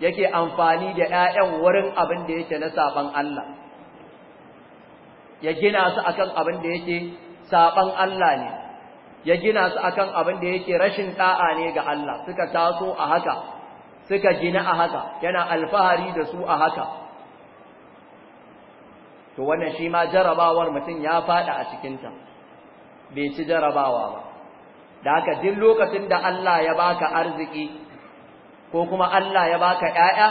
yake amfani da ƴaƴan wurin abin da yake na saban Allah ya gina su akan abin da yake saban Allah ne ya gina su akan abin da yake rashin ɗa'a ne ga Allah suka taso a haka suka gina a haka yana alfahari da su a haka to wannan shi ma jarabawar mutum ya fada a cikinta bai ci jarabawa ba da haka duk lokacin da Allah ya baka arziki ko kuma Allah ya baka ƴaƴa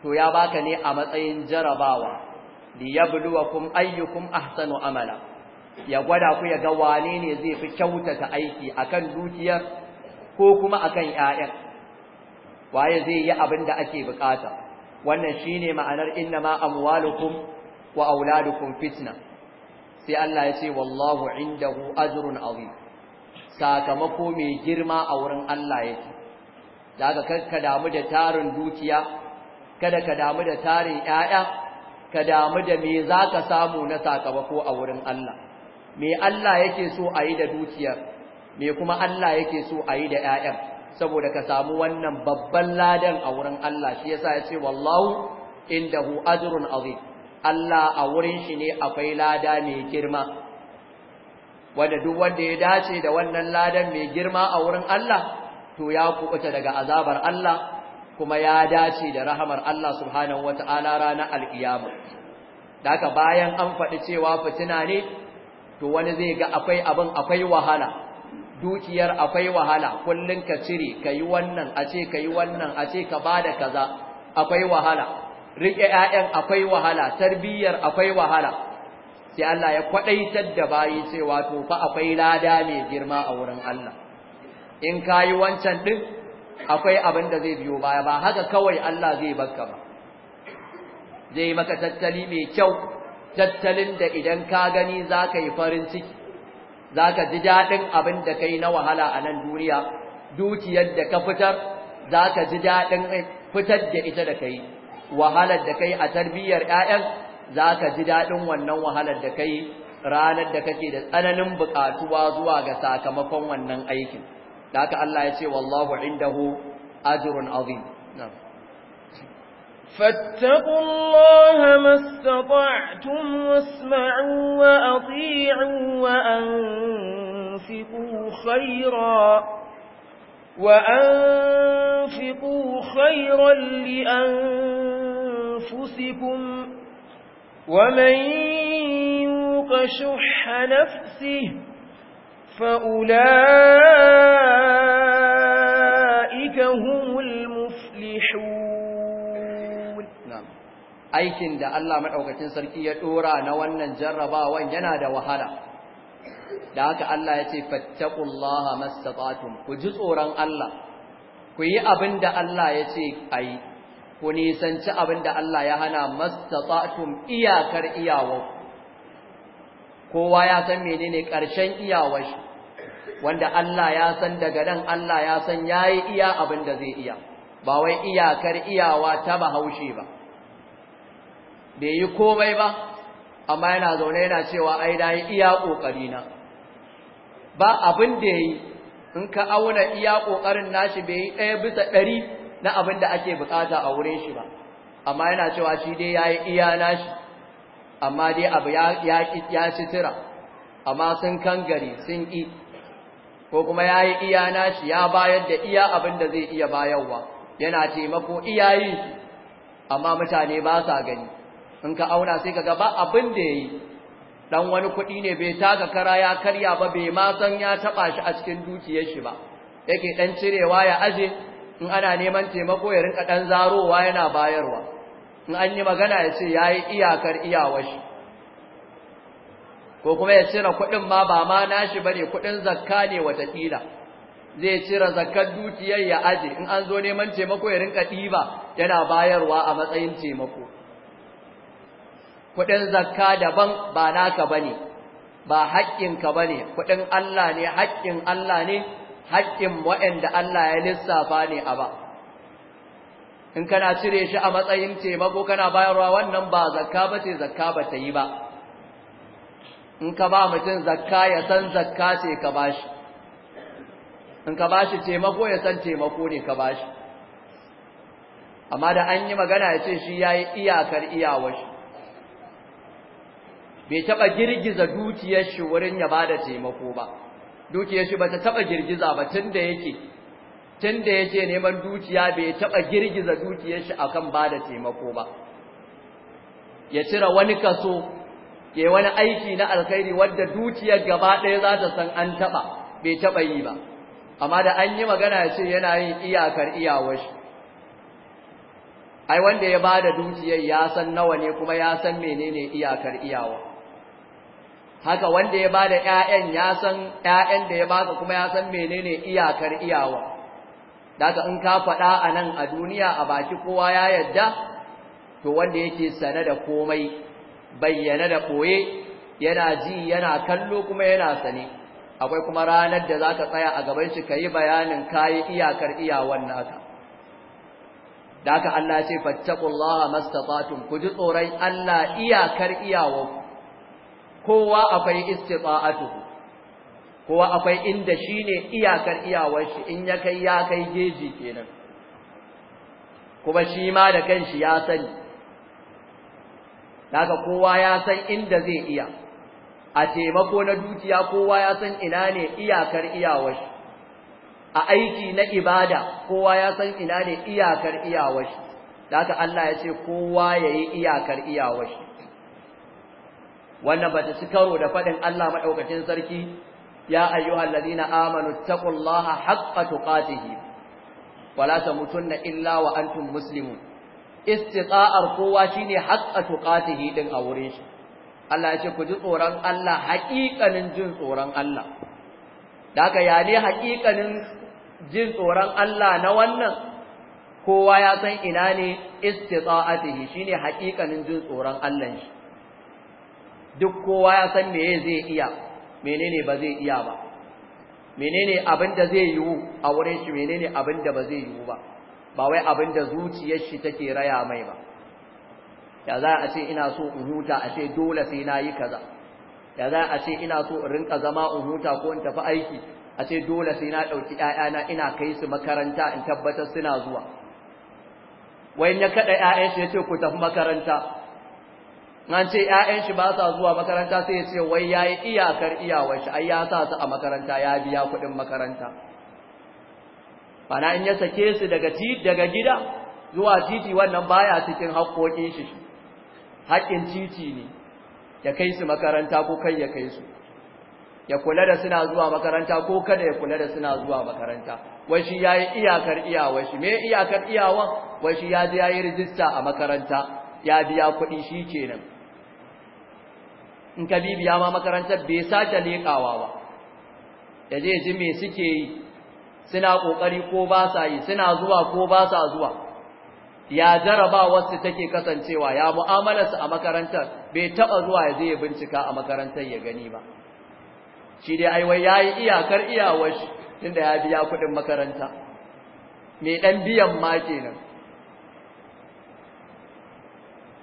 to ya baka ne a matsayin jarabawa liyabluwakum ayyukum ahsanu amala ya gwada ku ya ga wane ne zai fi kyautata aiki akan dukiyar ko kuma akan ƴaƴan waye zai yi abin da ake bukata wannan shine ma'anar innama amwalukum wa auladukum fitna sai Allah ya ce wallahu indahu ajrun azim sakamako mai girma a wurin Allah yake da haka karka damu da tarin dukiya kada ka damu da tarin 'ya'ya, ka damu da me za ka samu na sakamako a wurin Allah me Allah yake so a yi da dukiyar me kuma Allah yake so a yi da 'ya'yan? saboda ka samu wannan babban ladan a wurin Allah shi yasa ya ce wallahu indahu ajrun azim Allah a wurin shi ne akwai lada mai girma wanda duk wanda ya dace da wannan ladan mai girma a wurin Allah to ya kubuta daga azabar Allah kuma ya dace da rahamar Allah subhanahu wata'ala ranar alkiyama da haka bayan an faɗi cewa fitina ne to wani zai ga akwai abin akwai wahala dukiyar akwai wahala kullun ka cire kayi wannan a ce kai wannan a ce ka bada kaza akwai wahala rike ƴaƴan akwai wahala tarbiyyar akwai wahala sai Allah ya kwadaitar da bayi cewa to fa akwai lada mai girma a wurin Allah in kayi wancan ɗin akwai abin da zai biyo baya ba haka kawai Allah zai baka ba zai maka tattali mai kyau tattalin da idan ka gani za ka yi farin ciki za ka ji dadin abin da kai na wahala a nan duniya dukiyar da ka fitar za ka ji dadin fitar da ita da kai wahalar da kai a tarbiyyar ƴaƴan ka ji daɗin wannan wahalar da kai ranar da kake da tsananin buƙatuwa zuwa ga sakamakon wannan aikin da haka Allah ya ce wallahu indahu ajrun azim فاتقوا الله ما استطعتم واسمعوا وأطيعوا وأنفقوا خيرا وأنفقوا خيرا لأنفسكم ومن يوق شح نفسه فأولئك هم المفلحون نعم aikin da Allah madaukakin sarki ya dora na wannan jarrabawan yana da wahala da haka Allah ya ce fattaqullaha mastata'tum ku ji tsoron Allah ku yi abinda Allah ya ce ku nisanci abinda Allah ya hana mastata'tum iyakar iyawarku kowa ya san menene ƙarshen iyawar shi wanda Allah ya san daga nan Allah ya san yayi iya abin da zai iya ba wai iyakar iyawa ta bahaushe ba bai yi komai ba amma yana zaune yana cewa ai da yi iya kokari na ba abin da yayi in ka auna iya kokarin nashi bai yi ɗaya bisa ɗari na abin da ake bukata a wurin shi ba amma yana cewa shi dai yayi iya nashi amma dai abu ya ya ya sitira amma sun kangare sun ki ko kuma ya yi iya nashi ya bayar da iya abin da zai iya bayarwa yana taimako iya amma mutane ba sa gani in ka auna sai ka ga ba abin da ya yi Ɗan wani kuɗi ne bai taka kara ya karya ba bai ma san ya taɓa shi a cikin dukiyar shi ba yake ɗan cirewa ya aje in ana neman taimako ya rinka ɗan zarowa yana bayarwa in an yi magana ya ce ya yi iyakar iyawar shi ko kuma ya cire kuɗin ma ba ma nashi bane kuɗin zakka ne wata watakila zai cire zakkar dukiyar ya aje in an zo neman taimako ya rinka ɗiba yana bayarwa a matsayin taimako kuɗin zakka daban ba naka bane ba haƙƙinka bane kuɗin Allah ne haƙƙin Allah ne haƙƙin waɗanda Allah ya lissafa ne a ba in kana cire shi a matsayin taimako kana bayarwa wannan ba zakka ba ce zakka ba ta yi ba in ka ba mutum zakka ya san zakka ce ka ba shi. in ka ba shi taimako ya san taimako ne ka ba shi. amma da an yi magana ya ce shi ya yi iyakar iyawashi bai taɓa girgiza dukiyar shi wurin ya ba da taimako ba dukiyar shi ba ta taɓa girgiza ba tun da yake tun da yake neman dukiya bai taɓa girgiza dukiyar shi akan ba da taimako ba ya cire wani kaso ke wani aiki na alkhairi wadda dukiyar gaba ɗaya za ta san an taɓa bai taɓa yi ba amma da an yi magana ce yana yin iyakar iyawar shi ai wanda ya ba da dukiyar ya san nawa ne kuma ya san menene iyakar iyawa haka wanda ya bada ƴaƴan ya san ƴaƴan da ya baka kuma ya san menene iyakar iyawa daga in ka faɗa a nan a duniya a baki kowa ya yadda to wanda yake sane da komai bayyana da koye yana ji yana kallo kuma yana sani akwai kuma ranar da za ka tsaya a gaban shi kai bayanin kai iyakar iyawan naka da haka Allah ya ce fattaqullaha mastata'tum ku ji tsoron Allah iyakar iyawan kowa akwai istita'atuhu kowa akwai inda shine iyakar iyawar shi in ya kai ya kai geji kenan kuma shi ma da kanshi ya sani Daga kowa ya san inda zai iya, a taimako na dukiya kowa ya san ina ne iyakar iyawashi, a aiki na ibada kowa ya san ina ne iyakar iyawashi, daga Allah ya ce kowa ya yi iyakar iyawashi. Wannan ba ta ci karo da faɗin Allah maɗaukacin sarki, ya ayyuhal ladina amanu taqullaha haqqa tuqatihi wala tamutunna illa wa antum muslimun istita'ar kowa shine haqqa tuqatihi din a wurin shi Allah ya ce ku ji tsoron Allah haƙiƙanin jin tsoron Allah da ka ya ne haƙiƙanin jin tsoron Allah na wannan kowa ya san ina ne istita'atihi shine haƙiƙanin jin tsoron Allah shi duk kowa ya san me zai iya menene ba zai iya ba menene abin da zai yiwu a wurin shi menene abinda da ba zai yiwu ba ba wai abin da zuciyar shi take raya mai ba ya za a ce ina so in huta a ce dole sai na yi kaza ya za a ce ina so in rinka zama in huta ko in tafi aiki a ce dole sai na ɗauki ‘ya'yana ina kai su makaranta in tabbatar suna zuwa wai ya kaɗa ‘ya'yan shi ya ce ku tafi makaranta an ce ‘ya'yan shi ba sa zuwa makaranta sai ya ce wai ya yi iyakar iyawar shi ai ya sa su a makaranta ya biya kuɗin makaranta mana in ya sake su daga titi daga gida zuwa titi wannan baya cikin haƙoƙin shi haƙin titi ne ya kai su makaranta ko kai ya kai su ya kula da suna zuwa makaranta ko kada ya kula da suna zuwa makaranta wai shi yayi iyakar iyawar shi me iyakar iyawan wai shi ya je yayi rijista a makaranta ya biya kuɗi shi kenan in ka bibiya ma makarantar bai sake leƙawa ba ya je ji me suke yi suna kokari ko ba sa yi suna zuwa ko ba sa zuwa ya jaraba su take kasancewa ya mu'amalarsa a makarantar bai taba zuwa ya ya bincika a makarantar ya gani ba shi dai ai wai yayi iyakar iyawar shi tunda ya biya kuɗin makaranta mai dan biyan ma kenan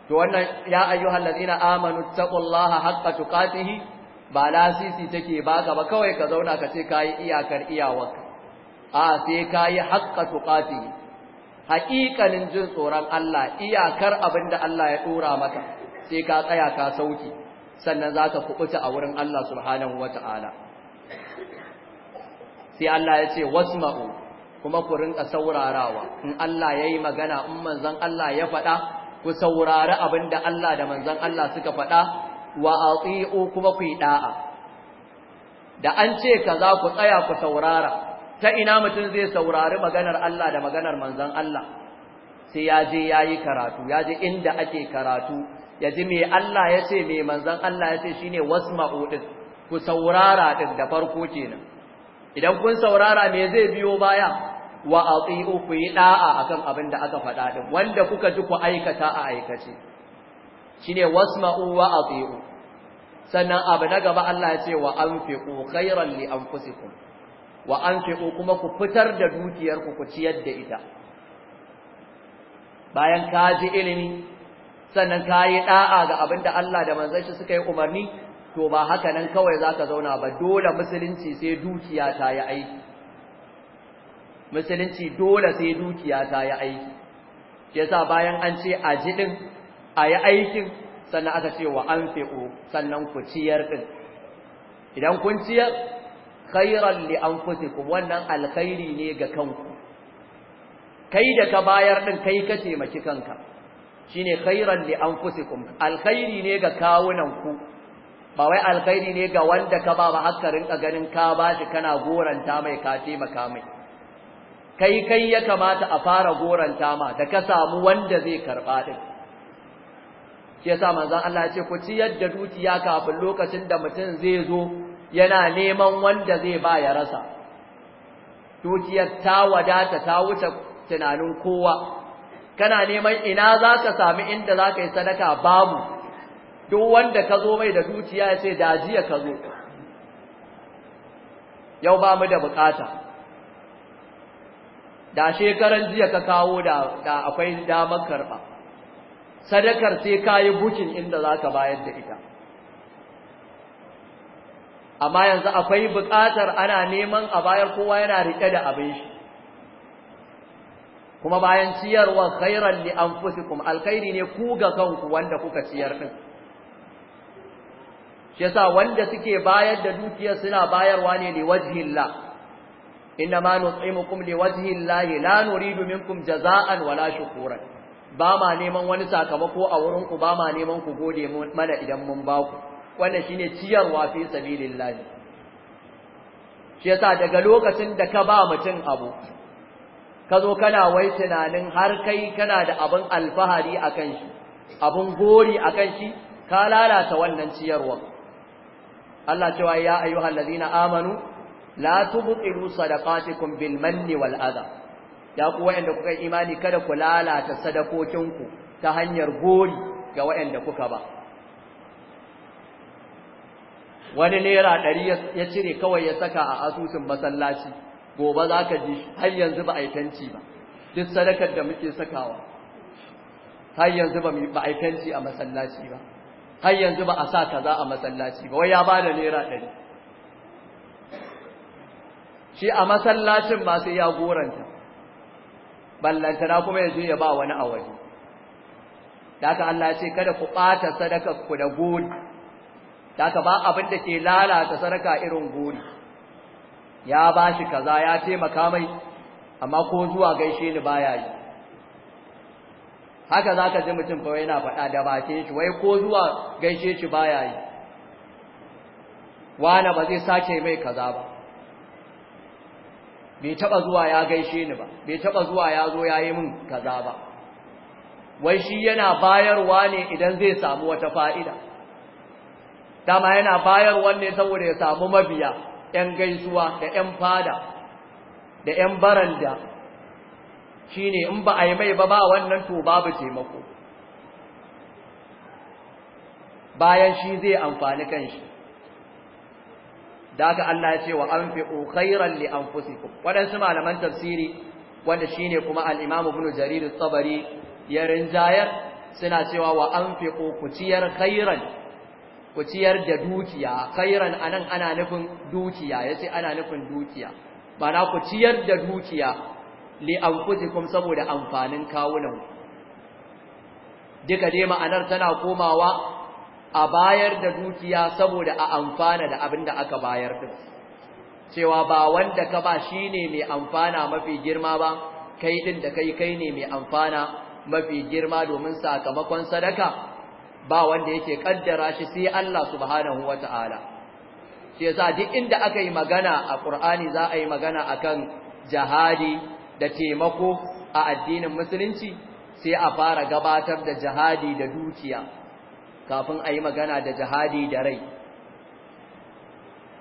to wannan ya ayyuhal ladina amanu taqullaha haqqa tuqatihi ba lasisi take baka ba kawai ka zauna ka ce kai iyakar iyawarka a sai ka yi haƙƙa tuƙafi haƙiƙanin jin tsoron Allah iyakar abin da Allah ya ɗora maka sai ka tsaya ka sauki sannan za ka kuɓuta a wurin Allah subhanahu wa ta'ala sai Allah ya ce wasu ma’u kuma ku rinƙa saurarawa in Allah ya yi magana in manzan Allah ya faɗa ku saurari abin da Allah da manzan Allah suka faɗa wa a kuma ku yi ɗa'a da an ce ka za ku tsaya ku saurara ta ina mutum zai saurari maganar Allah da maganar manzon Allah sai ya je yayi karatu ya je inda ake karatu ya ji me Allah ya ce me manzon Allah ya ce shine wasma'u din ku saurara din da farko kenan idan kun saurara me zai biyo baya wa ati'u ku yi da'a akan abin da aka faɗa din wanda kuka ji ku aikata a aikace shine wasma'u wa ati'u sannan abu na gaba Allah ya ce wa anfiqu khairan li anfusikum wa anfiqu kuma ku fitar da dukiyar ku ku ciyar da ita bayan ka ji ilimi sannan ka yi da'a ga abinda Allah da manzon shi suka yi umarni to ba haka nan kawai zaka zauna ba dole musulunci sai dukiya ta yi aiki musulunci dole sai dukiya ta yi aiki yasa bayan an ce a ji din a yi aikin sannan aka ce wa anfiqu sannan ku ciyar din idan kun ciyar khairan li anfusikum wannan alkhairi ne ga kanku kai da ka bayar din kai ka taimaki kanka shine khairan li anfusikum alkhairi ne ga kawunan ku ba wai alkhairi ne ga wanda ka ba ba haka rinka ganin ka ba shi kana goranta mai ka taimaka mai kai kai ya kamata a fara goranta ma da ka samu wanda zai karba din shi yasa manzon Allah ya ce ku ciyar da dukiya kafin lokacin da mutum zai zo yana neman wanda zai ba ya rasa dukiyar ta wadata ta wuce tunanin kowa kana neman ina za ka sami inda za ka yi sadaka babu duk wanda ka zo mai da dukiya ya ce dajiya ka zo yau ba mu da bukata da shekaran jiya ka kawo da akwai damar karba sadakar sai ka yi bukin inda za ka bayar da ita amma yanzu akwai buƙatar ana neman a bayar kowa yana riƙe da abin shi kuma bayan ciyarwa khairan li anfusikum alkhairi ne ku ga kanku wanda kuka ciyar din shi yasa wanda suke bayar da dukiya suna bayarwa ne li wajhillah inna ma nut'imukum li wajhillah la nuridu minkum jaza'an wala shukuran ba ma neman wani sakamako a wurin ku ba ma neman ku gode mana idan mun ba ku wannan shine ciyarwa fi sabilillah shi yasa daga lokacin da ka ba mutum abu ka zo kana wai tunanin har kai kana da abin alfahari akan shi abin gori akan shi ka lalata wannan ciyarwa Allah cewa ya ayyuhal ladina amanu la tubtilu sadaqatikum bil manni wal adha ya ku wayanda kuka imani kada ku lalata sadakokin ku ta hanyar gori ga wayanda kuka ba wani naira ɗari ya cire kawai ya saka a asusun masallaci gobe za ka ji har yanzu ba a yi ba duk sadakar da muke sakawa har yanzu ba a yi a masallaci ba har yanzu ba a sa kaza a masallaci ba wai ya ba da naira ɗari shi a masallacin ma sai ya goranta ballantana kuma ya je ya ba wani a waje da ka Allah ya ce kada ku ɓata sadakar ku da goli Daka ba abin da ke lalata saraka irin gori. Ya ba shi kaza ya taimaka mai amma ko zuwa gaishe ni baya yi. Haka za ka ji mutum fa yana faɗa da bakin shi wai ko zuwa gaishe shi baya yi. Wane ba zai sake mai kaza ba. bai taɓa zuwa ya gaishe ni ba bai taɓa zuwa ya zo ya yi min kaza ba wai shi yana bayarwa ne idan zai samu wata fa'ida dama yana bayar wanne saboda ya samu mabiya ƴan gaisuwa da ƴan fada da ƴan baranda shi ne in ba a yi mai ba ba wannan to babu taimako bayan shi zai amfani kanshi da aka Allah ya ce wa an fi khairan li anfusikum Waɗansu malaman tafsiri wanda shine kuma al-Imam Ibn Jarir ya rinjayar suna cewa wa an fi ciyar ku ciyar da dukiya khairan anan ana nufin dukiya yace ana nufin dukiya bana ku ciyar da dukiya li anfusikum saboda amfanin kawunan duka dai ma'anar tana komawa a bayar da dukiya saboda a amfana da abin da aka bayar din cewa ba wanda ka ba shine mai amfana mafi girma ba kai din da kai kai ne mai amfana mafi girma domin sakamakon sadaka ba wanda yake kaddara shi sai Allah subhanahu wata'ala shi yasa duk inda aka yi magana a Qur'ani za a yi magana akan jihadi da taimako a addinin musulunci sai a fara gabatar da jihadi da dukiya kafin a yi magana da jihadi da rai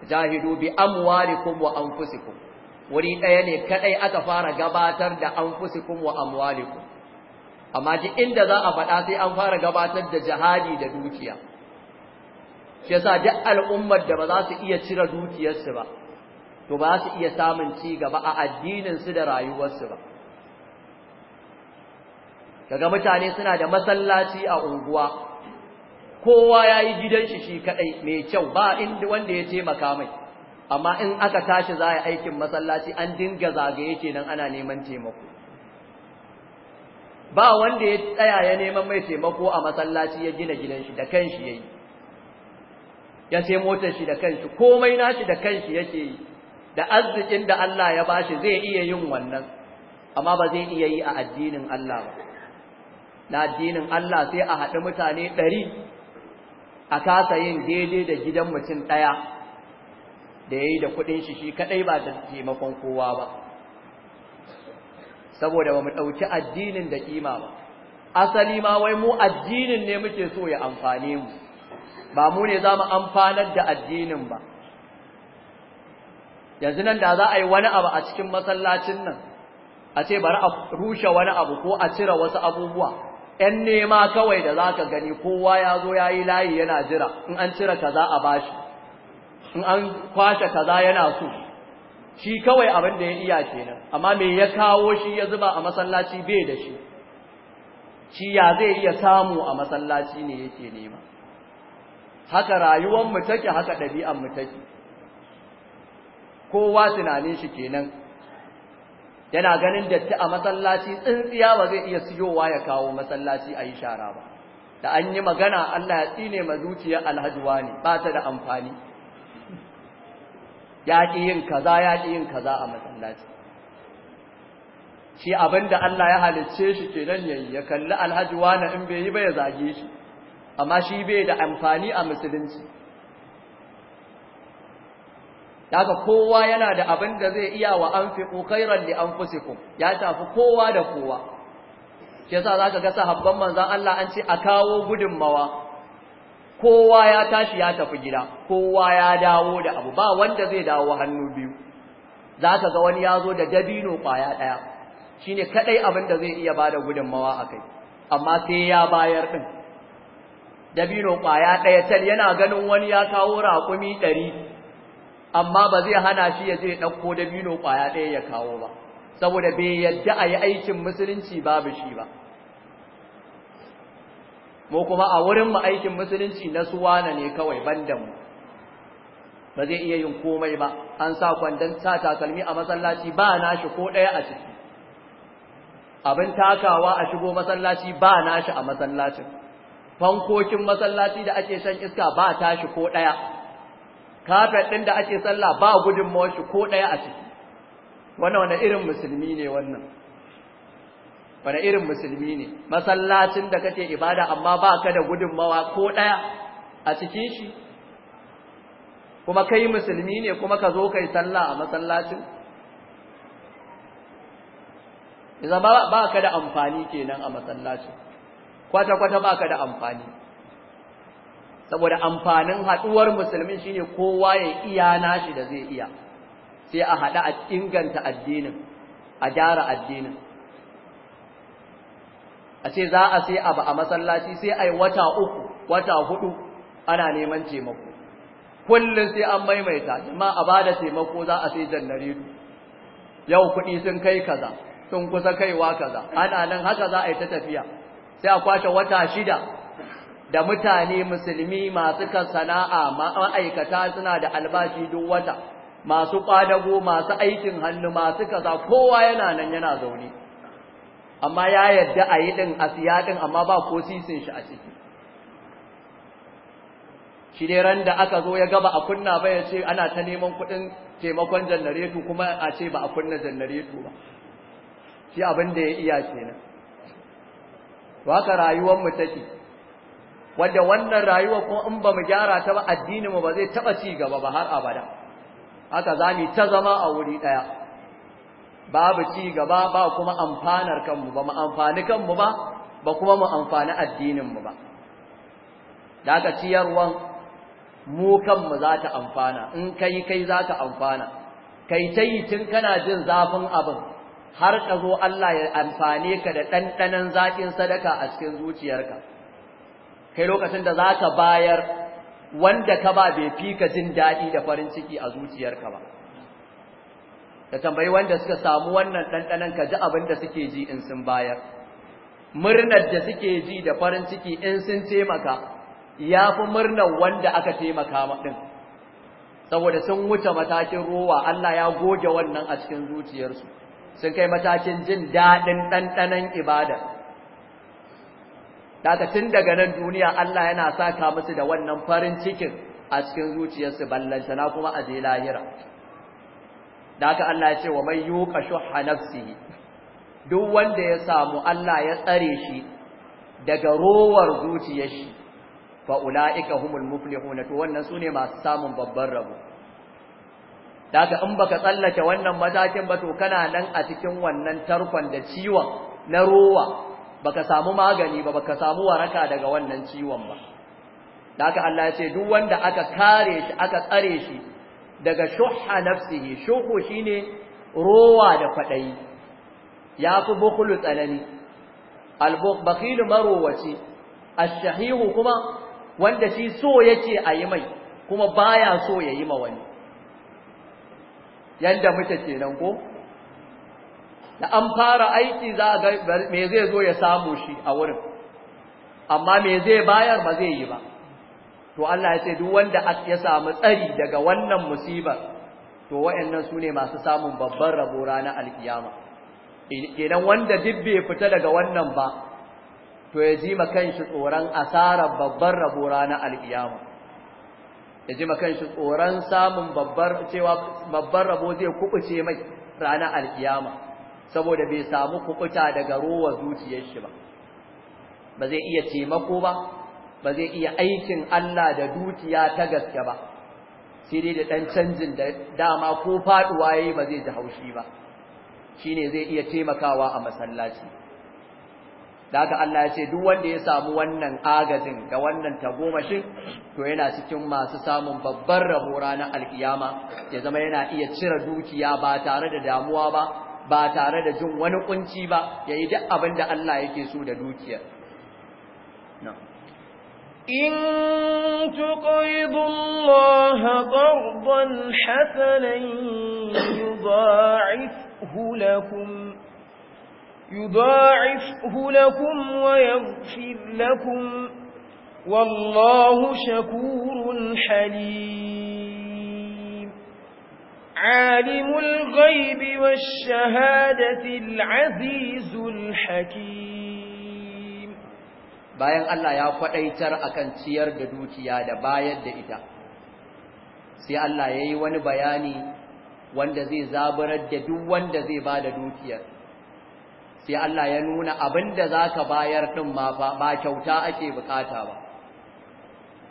jahidu bi amwalikum wa anfusikum wuri daya ne kadai aka fara gabatar da anfusikum wa amwalikum amma duk inda za a faɗa sai an fara gabatar da jihadi da dukiya shi yasa duk al'ummar da ba za su iya cire dukiyarsu ba to ba su iya samun ci gaba a addinin su da rayuwarsu ba kaga mutane suna da masallaci a unguwa kowa yayi gidan shi shi kadai mai kyau ba inda wanda ya ce makamai amma in aka tashi za a yi aikin masallaci an dinga zagaye kenan ana neman taimako ba wanda ya tsaya ya neman mai taimako a masallaci ya gina gidan shi da kanshi yayi ya sai motar shi da kanshi komai nashi da kanshi yake yi da arzikin da Allah ya bashi zai iya yin wannan amma ba zai iya yi a addinin Allah ba na addinin Allah sai a haɗu mutane ɗari a kasa yin daidai da gidan mutum ɗaya da ya yi da kuɗin shi shi kaɗai ba da taimakon kowa ba saboda ba mu ɗauki addinin da kima ba asali ma wai mu addinin ne muke so ya amfane mu ba mu ne za mu amfanar da addinin ba yanzu nan da za a yi wani abu a cikin masallacin nan a ce bari a rushe wani abu ko a cire wasu abubuwa ‘yan nema kawai da za ka gani kowa ya zo ya yi layi yana jira in an cire kaza a bashi in an kwashe kaza yana so shi kawai abin da ya iya kenan amma me ya kawo shi ya zuba a masallaci bai da shi shi ya zai iya samu a masallaci ne yake nema haka rayuwar mu take haka ɗabi'ar mu take kowa tunanin shi kenan yana ganin datti a masallaci tsintsiya ba zai iya siyowa ya kawo masallaci a yi shara ba da an yi magana Allah ya tsine ma zuciyar alhajuwa ne ba ta da amfani ya ƙi yin kaza ya ƙi yin kaza a masallaci shi abinda Allah ya halicce shi kenan yayi ya kalli alhaji wani in bai yi ba ya zage shi amma shi bai da amfani a musulunci daga kowa yana da abinda zai iya wa anfiqu khairan li anfusikum ya tafi kowa da kowa ke sa zaka ga sahabban manzon Allah an ce a kawo gudunmawa kowa ya tashi ya tafi gida kowa ya dawo da abu ba wanda zai dawo hannu biyu Za ka ga wani ya zo da dabino kwaya daya shine kaɗai abin da zai iya ba bada gudunmawa kai, amma sai ya bayar ɗin. dabino kwaya ɗaya tal yana ganin wani ya kawo raƙumi ɗari, amma ba zai hana shi ya je ɗauko dabino kwaya ɗaya ya kawo ba saboda bai yadda a yi aikin musulunci babu shi ba mu kuma a wurin mu aikin musulunci na suwana ne kawai banda mu ba zai iya yin komai ba an sa kwandon sa takalmi a masallaci ba nashi ko ɗaya a ciki abin takawa a shigo masallaci ba nashi a masallacin fankokin masallaci da ake shan iska ba tashi ko ɗaya kafet ɗin da ake sallah ba gudunmawar shi ko ɗaya a ciki wannan wanda irin musulmi ne wannan wani irin musulmi ne masallacin da kake ibada amma ba ka da gudunmawa ko ɗaya a cikin shi kuma kai musulmi ne kuma ka zo kai sallah a masallacin idan ba ka da amfani kenan a masallacin kwata-kwata ba ka da amfani saboda amfanin haɗuwar musulmi shine kowa ya iya nashi da zai iya sai a haɗa a inganta addinin a gyara addinin a ce za a sai abu a masallaci sai ayi wata uku wata hudu ana neman taimako kullum sai an maimaita jama'a a bada taimako za a sai jannare yau kuɗi sun kai kaza sun kusa kaiwa kaza ana nan haka za a yi ta tafiya sai a kwace wata shida da mutane musulmi masu kan sana'a ma'aikata suna da albashi duk wata masu kwadago masu aikin hannu masu kaza kowa yana nan yana zaune amma ya yadda a yi ɗin a siya ɗin amma ba ko sisin shi a ciki shi ne ran da aka zo ya gaba a kunna ba ya ce ana ta neman kuɗin taimakon janareto kuma a ce ba a kunna janareto ba shi abin da ya iya kenan waka rayuwar mu take wadda wannan rayuwa kuma in ba mu gyara ta ba addinin mu ba zai taɓa ci gaba ba har abada haka zamu ta zama a wuri ɗaya babu ci gaba ba kuma amfanar kanmu ba mu amfani kanmu ba ba kuma mu amfani addininmu ba da aka ciyarwan mu kanmu za ta amfana in kai kai za ka amfana kai ta yi tun kana jin zafin abin har ka zo Allah ya amfane ka da ɗanɗanon zaƙin sadaka a cikin zuciyarka kai lokacin da za ka bayar wanda ka ba bai fika jin daɗi da farin ciki a zuciyarka ba ka tambayi wanda suka samu wannan ɗanɗanan ka ji abin da suke ji in sun bayar murnar da suke ji da farin ciki in sun taimaka ya fi murnar wanda aka taimaka maɗin. saboda sun wuce matakin rowa Allah ya goge wannan a cikin zuciyarsu sun kai matakin jin daɗin ɗanɗanan ibada daga tun daga nan duniya Allah yana saka musu da wannan farin cikin a cikin zuciyarsu na kuma a je lahira da haka Allah ya ce wa mai yuqa shuhha nafsihi duk wanda ya samu Allah ya tsare shi daga rowar zuciyar shi fa ulaika humul to wannan sune masu samun babban rabo da haka in baka tsallake wannan matakin ba to kana nan a cikin wannan tarkon da ciwon na rowa baka samu magani ba baka samu waraka daga wannan ciwon ba da haka Allah ya ce duk wanda aka kare shi aka tsare shi daga shuhha nafsihi shuhu shine rowa da kwadayi yafi bukhlu tsanani bakhil bakhilu marwaci ashahihu kuma wanda shi so yake ayi mai kuma baya so yayi ma wani yanda muke kenan ko da an fara aiki za ga me zai zo ya samu shi a wurin amma me zai bayar ba zai yi ba to Allah ya ce duk wanda ya samu tsari daga wannan musibar to wayannan sune masu samun babban rabo ranar alkiyama kenan wanda duk bai fita daga wannan ba to ya ji ma kanshi tsoron asarar babban rabo ranar alkiyama ya ji ma kanshi tsoron samun babbar cewa babban rabo zai kubuce mai ranar alkiyama saboda bai samu kubuta daga ruwa zuciyar shi ba ba zai iya taimako ba ba zai iya aikin Allah da dukiya ta gaske ba sai dai da ɗan canjin da dama ko faɗuwa yayi ba zai ji haushi ba Shi ne zai iya taimakawa a masallaci daga Allah ya ce duk wanda ya samu wannan agajin ga wannan tagomashin to yana cikin masu samun babbar rabo ranar alkiyama ya zama yana iya cire dukiya ba tare da damuwa ba ba tare da jin wani kunci ba yayi duk abin da Allah yake so da dukiyar na'am إن تقرضوا الله قرضا حسنا يضاعفه لكم يضاعفه لكم ويغفر لكم والله شكور حليم عالم الغيب والشهادة العزيز الحكيم bayan Allah ya kwadaitar akan ciyar da dukiya da bayar da ita sai Allah ya yi wani bayani wanda zai zaburar da duk wanda zai ba da dukiyar sai Allah ya nuna abin da za ka bayar ɗin ma ba kyauta ake bukata ba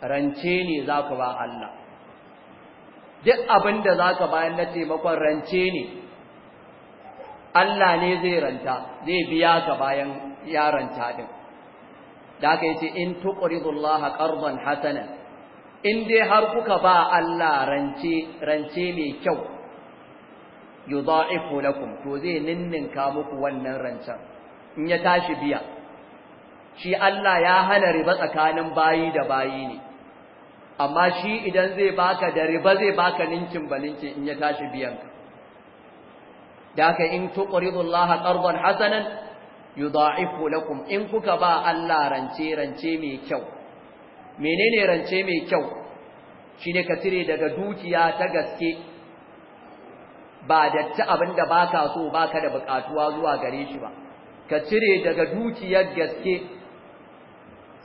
rance ne za ka ba Allah duk abin da za ka bayan na taimakon rance ne Allah ne zai ranta zai biya ka bayan ya ranta ɗin da aka yace in tuqridullaha qardan hasana in dai har kuka ba Allah rance rance mai kyau yudha'ifu lakum to zai ninninka muku wannan rancen in ya tashi biya shi Allah ya hana riba tsakanin bayi da bayi ne amma shi idan zai baka da riba zai baka ninkin balinci in ya tashi biyanka da aka in tuqridullaha qardan hasanan yudha'ifu lakum in kuka ba Allah rance rance mai kyau menene rance mai kyau shine ka tire daga dukiya ta gaske ba da ta abinda baka so baka da bukatuwa zuwa gare shi ba ka cire daga dukiyar gaske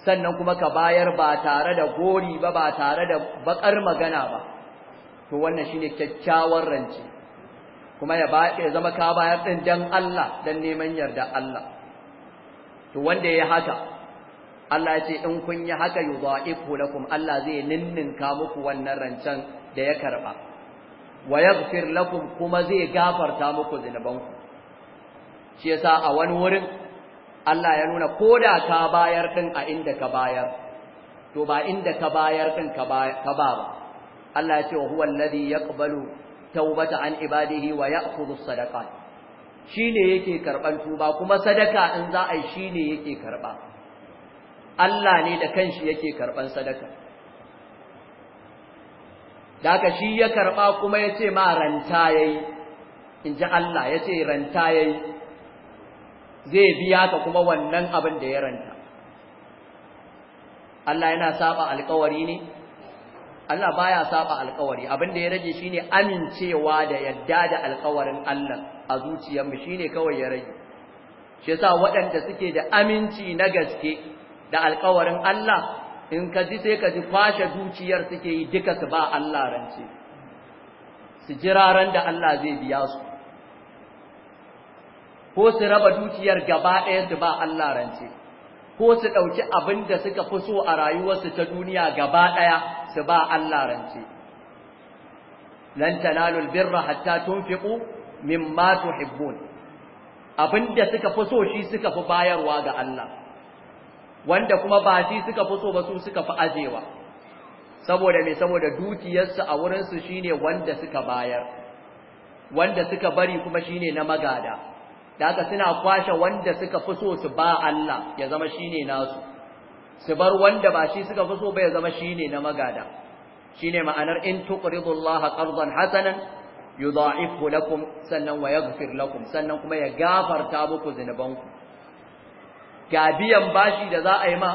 sannan kuma ka bayar ba tare da gori ba ba tare da bakar magana ba to wannan shine kyakkyawar rance kuma ya ba ya zama ka bayar din dan Allah dan neman yarda Allah to wanda ya haka Allah ya ce in kun yi haka yudha'ifu lakum Allah zai ninninka muku wannan rancen da ya karba wa yaghfir lakum kuma zai gafarta muku zunubanku shi yasa a wani wurin Allah ya nuna koda ka bayar din a inda ka bayar to ba inda ka bayar din ka ba ba Allah ya ce wa huwa alladhi yaqbalu tawbata an ibadihi wa ya'khudhu sadaqat Shi ne yake karɓar tuba kuma sadaka in za a yi shi ne yake karɓa. Allah ne da kanshi yake karɓar sadaka Da aka shi ya karɓa kuma ya ce ma ranta ya in inji Allah ya ce ranta ya yi. zai biya ka kuma wannan abin da ya ranta Allah yana saba alkawari ne Allah baya saba alƙawari abin da ya rage shine amincewa da yadda da alƙawarin Allah a zuciyarmu shine kawai ya rage shi yasa waɗanda suke da aminci na gaske da alƙawarin Allah in ka ji sai ka ji kwashe zuciyar suke yi duka su ba Allah rance su jiraran da Allah zai biya su ko su raba zuciyar gaba ɗaya su ba Allah rance ko su ɗauki abin da suka fi so a rayuwarsu ta duniya gaba ɗaya su ba Allah rance lan tanalul birra hatta tunfiqu mimma tuhibbun abinda suka fi so shi suka fi bayarwa ga Allah wanda kuma ba shi suka fi so ba su suka fi ajewa saboda me saboda dukiyarsu a wurin su shine wanda suka bayar wanda suka bari kuma shine na magada haka suna kwashe wanda suka fi so su ba Allah ya zama shine nasu su bar wanda ba shi suka fi so bai zama shi ne na magada shi ne ma'anar in tuqridu Allah qardan hasanan yudha'ifhu lakum sannan wa yaghfir lakum sannan kuma ya gafarta muku zinubanku ga biyan bashi da za a yi ma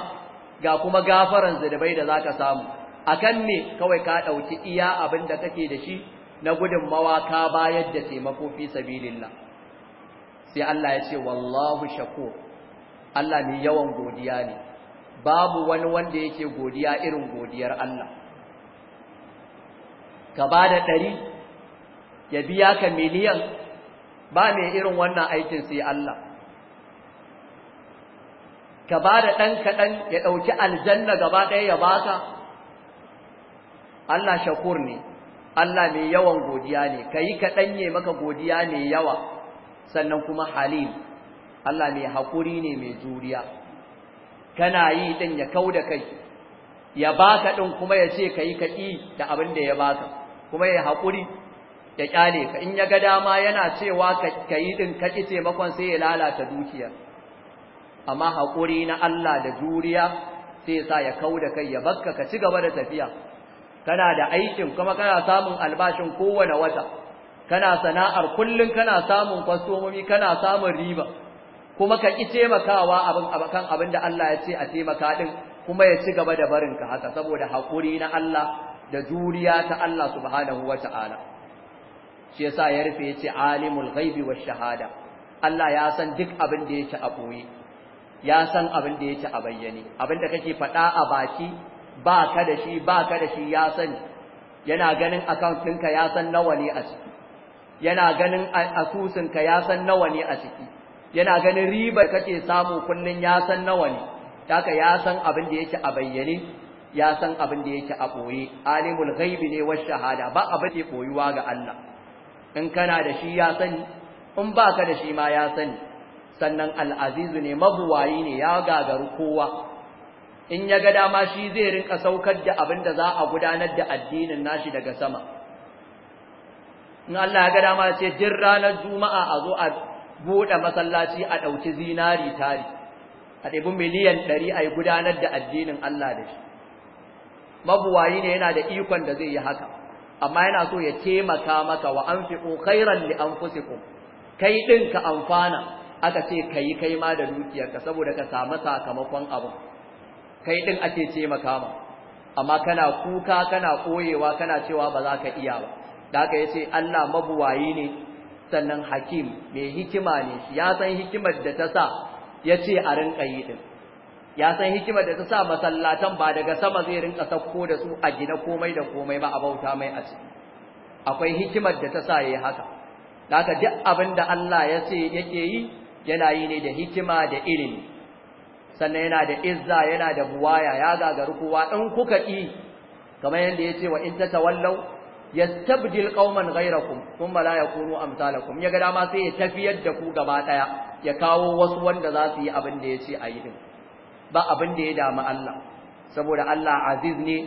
ga kuma gafaran zinubai da za ka samu akan ne kawai ka ɗauki iya abin da kake da shi na gudunmawa ka bayar da taimako fi sabilillah sai Allah ya ce wallahu shakur Allah ne yawan godiya ne babu wani wanda yake godiya irin godiyar Allah ka ba da ɗari ya biya ka miliyan ba mai irin wannan aikin sai Allah ka ba da ɗan kaɗan ya ɗauki aljanna gaba ɗaya ya baka Allah shakur ne Allah mai yawan godiya ne ka yi kaɗan ne maka godiya mai yawa sannan kuma halin. Allah mai haƙuri ne mai juriya kana yi din ya da kai ya baka din kuma ya ce kai kaki da abin da ya baka kuma ya hakuri ya kyale ka in ya ga dama yana cewa kai din kaki makon sai ya lalata dukiya amma hakuri na Allah da juriya sai sa ya kau da kai ya bakka ka ci gaba da tafiya kana da aikin kuma kana samun albashin kowane wata kana sana'ar kullun kana samun kwastomomi kana samun riba kuma ka ki taimakawa abin abakan abin da Allah ya ce a taimaka din kuma ya ci gaba da barin ka haka saboda hakuri na Allah da juriya ta Allah subhanahu wata'ala shi yasa ya rufe yace alimul ghaibi wash shahada Allah ya san duk abin da yake a boye ya san abin da yake a bayyane abin da kake faɗa a baki ba ka da shi ba ka da shi ya sani yana ganin account ɗinka ya san nawa ne a ciki yana ganin asusunka ya san nawa ne a ciki yana ganin ribar kake samu kullun ya san nawa ne haka ya san abin da yake a bayyane ya san abin da yake a boye alimul ghaibi ne wa shahada ba abin da boyuwa ga Allah in kana da shi ya sani in baka da shi ma ya sani sannan al-azizu ne mabuwayi ne ya gagaru kowa in ya ga dama shi zai rinka saukar da abin da za a gudanar da addinin nashi daga sama in Allah ya ga dama sai jin ranar juma'a a zo a buɗe masallaci a ɗauki zinari tari a ɗabi miliyan ɗari a yi gudanar da addinin Allah da shi mabuwayi ne yana da ikon da zai yi haka amma yana so ya taimaka maka wa an fi an fi anfusikum kai ɗin ka amfana aka ce ka yi kai ma da dukiyarka saboda ka samu sakamakon abu kai ɗin ake taimaka ma amma kana kuka kana ɓoyewa kana cewa ba za ka iya ba da yace Allah mabuwayi ne sannan hakim mai hikima ne ya san hikimar da ta sa ya ce a rinka yi din ya san hikimar da ta sa masallatan ba daga sama zai rinka sauko da su a gina komai da komai ba a bauta mai a ciki akwai hikimar da ta sa ya yi haka haka duk abin da Allah ya ce yake yi yana yi ne da hikima da ilimi sannan yana da izza yana da buwaya ya gagaru kowa in kuka ki kamar yadda ya ce wa in tawallau yastabdil qauman ghayrakum thumma la yakunu amsalakum ya ga dama sai ya tafiyar da ku gaba daya ya kawo wasu wanda za su yi abin da yace a yi din ba abin da ya dama Allah saboda Allah aziz ne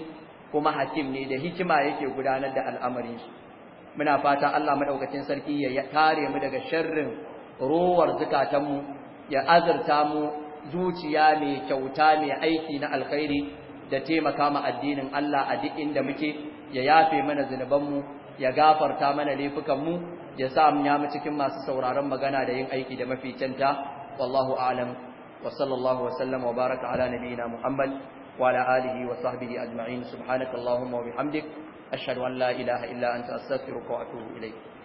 kuma hakim ne da hikima yake gudanar da al'amari muna fata Allah madaukakin sarki ya kare mu daga sharrin rowar mu, ya azurta mu zuciya mai kyauta mai aiki na alkhairi da taimaka ma addinin Allah a duk inda muke ya yafe mana zunubanmu ya gafarta mana laifukanmu ya sa mu ya mu cikin masu sauraron magana da yin aiki da mafi kyanta wallahu a'lam wa sallallahu wa sallam wa baraka ala nabiyyina muhammad wa ala alihi wa sahbihi ajma'in subhanakallahumma wa bihamdik ashhadu an la ilaha illa anta astaghfiruka wa atubu ilayk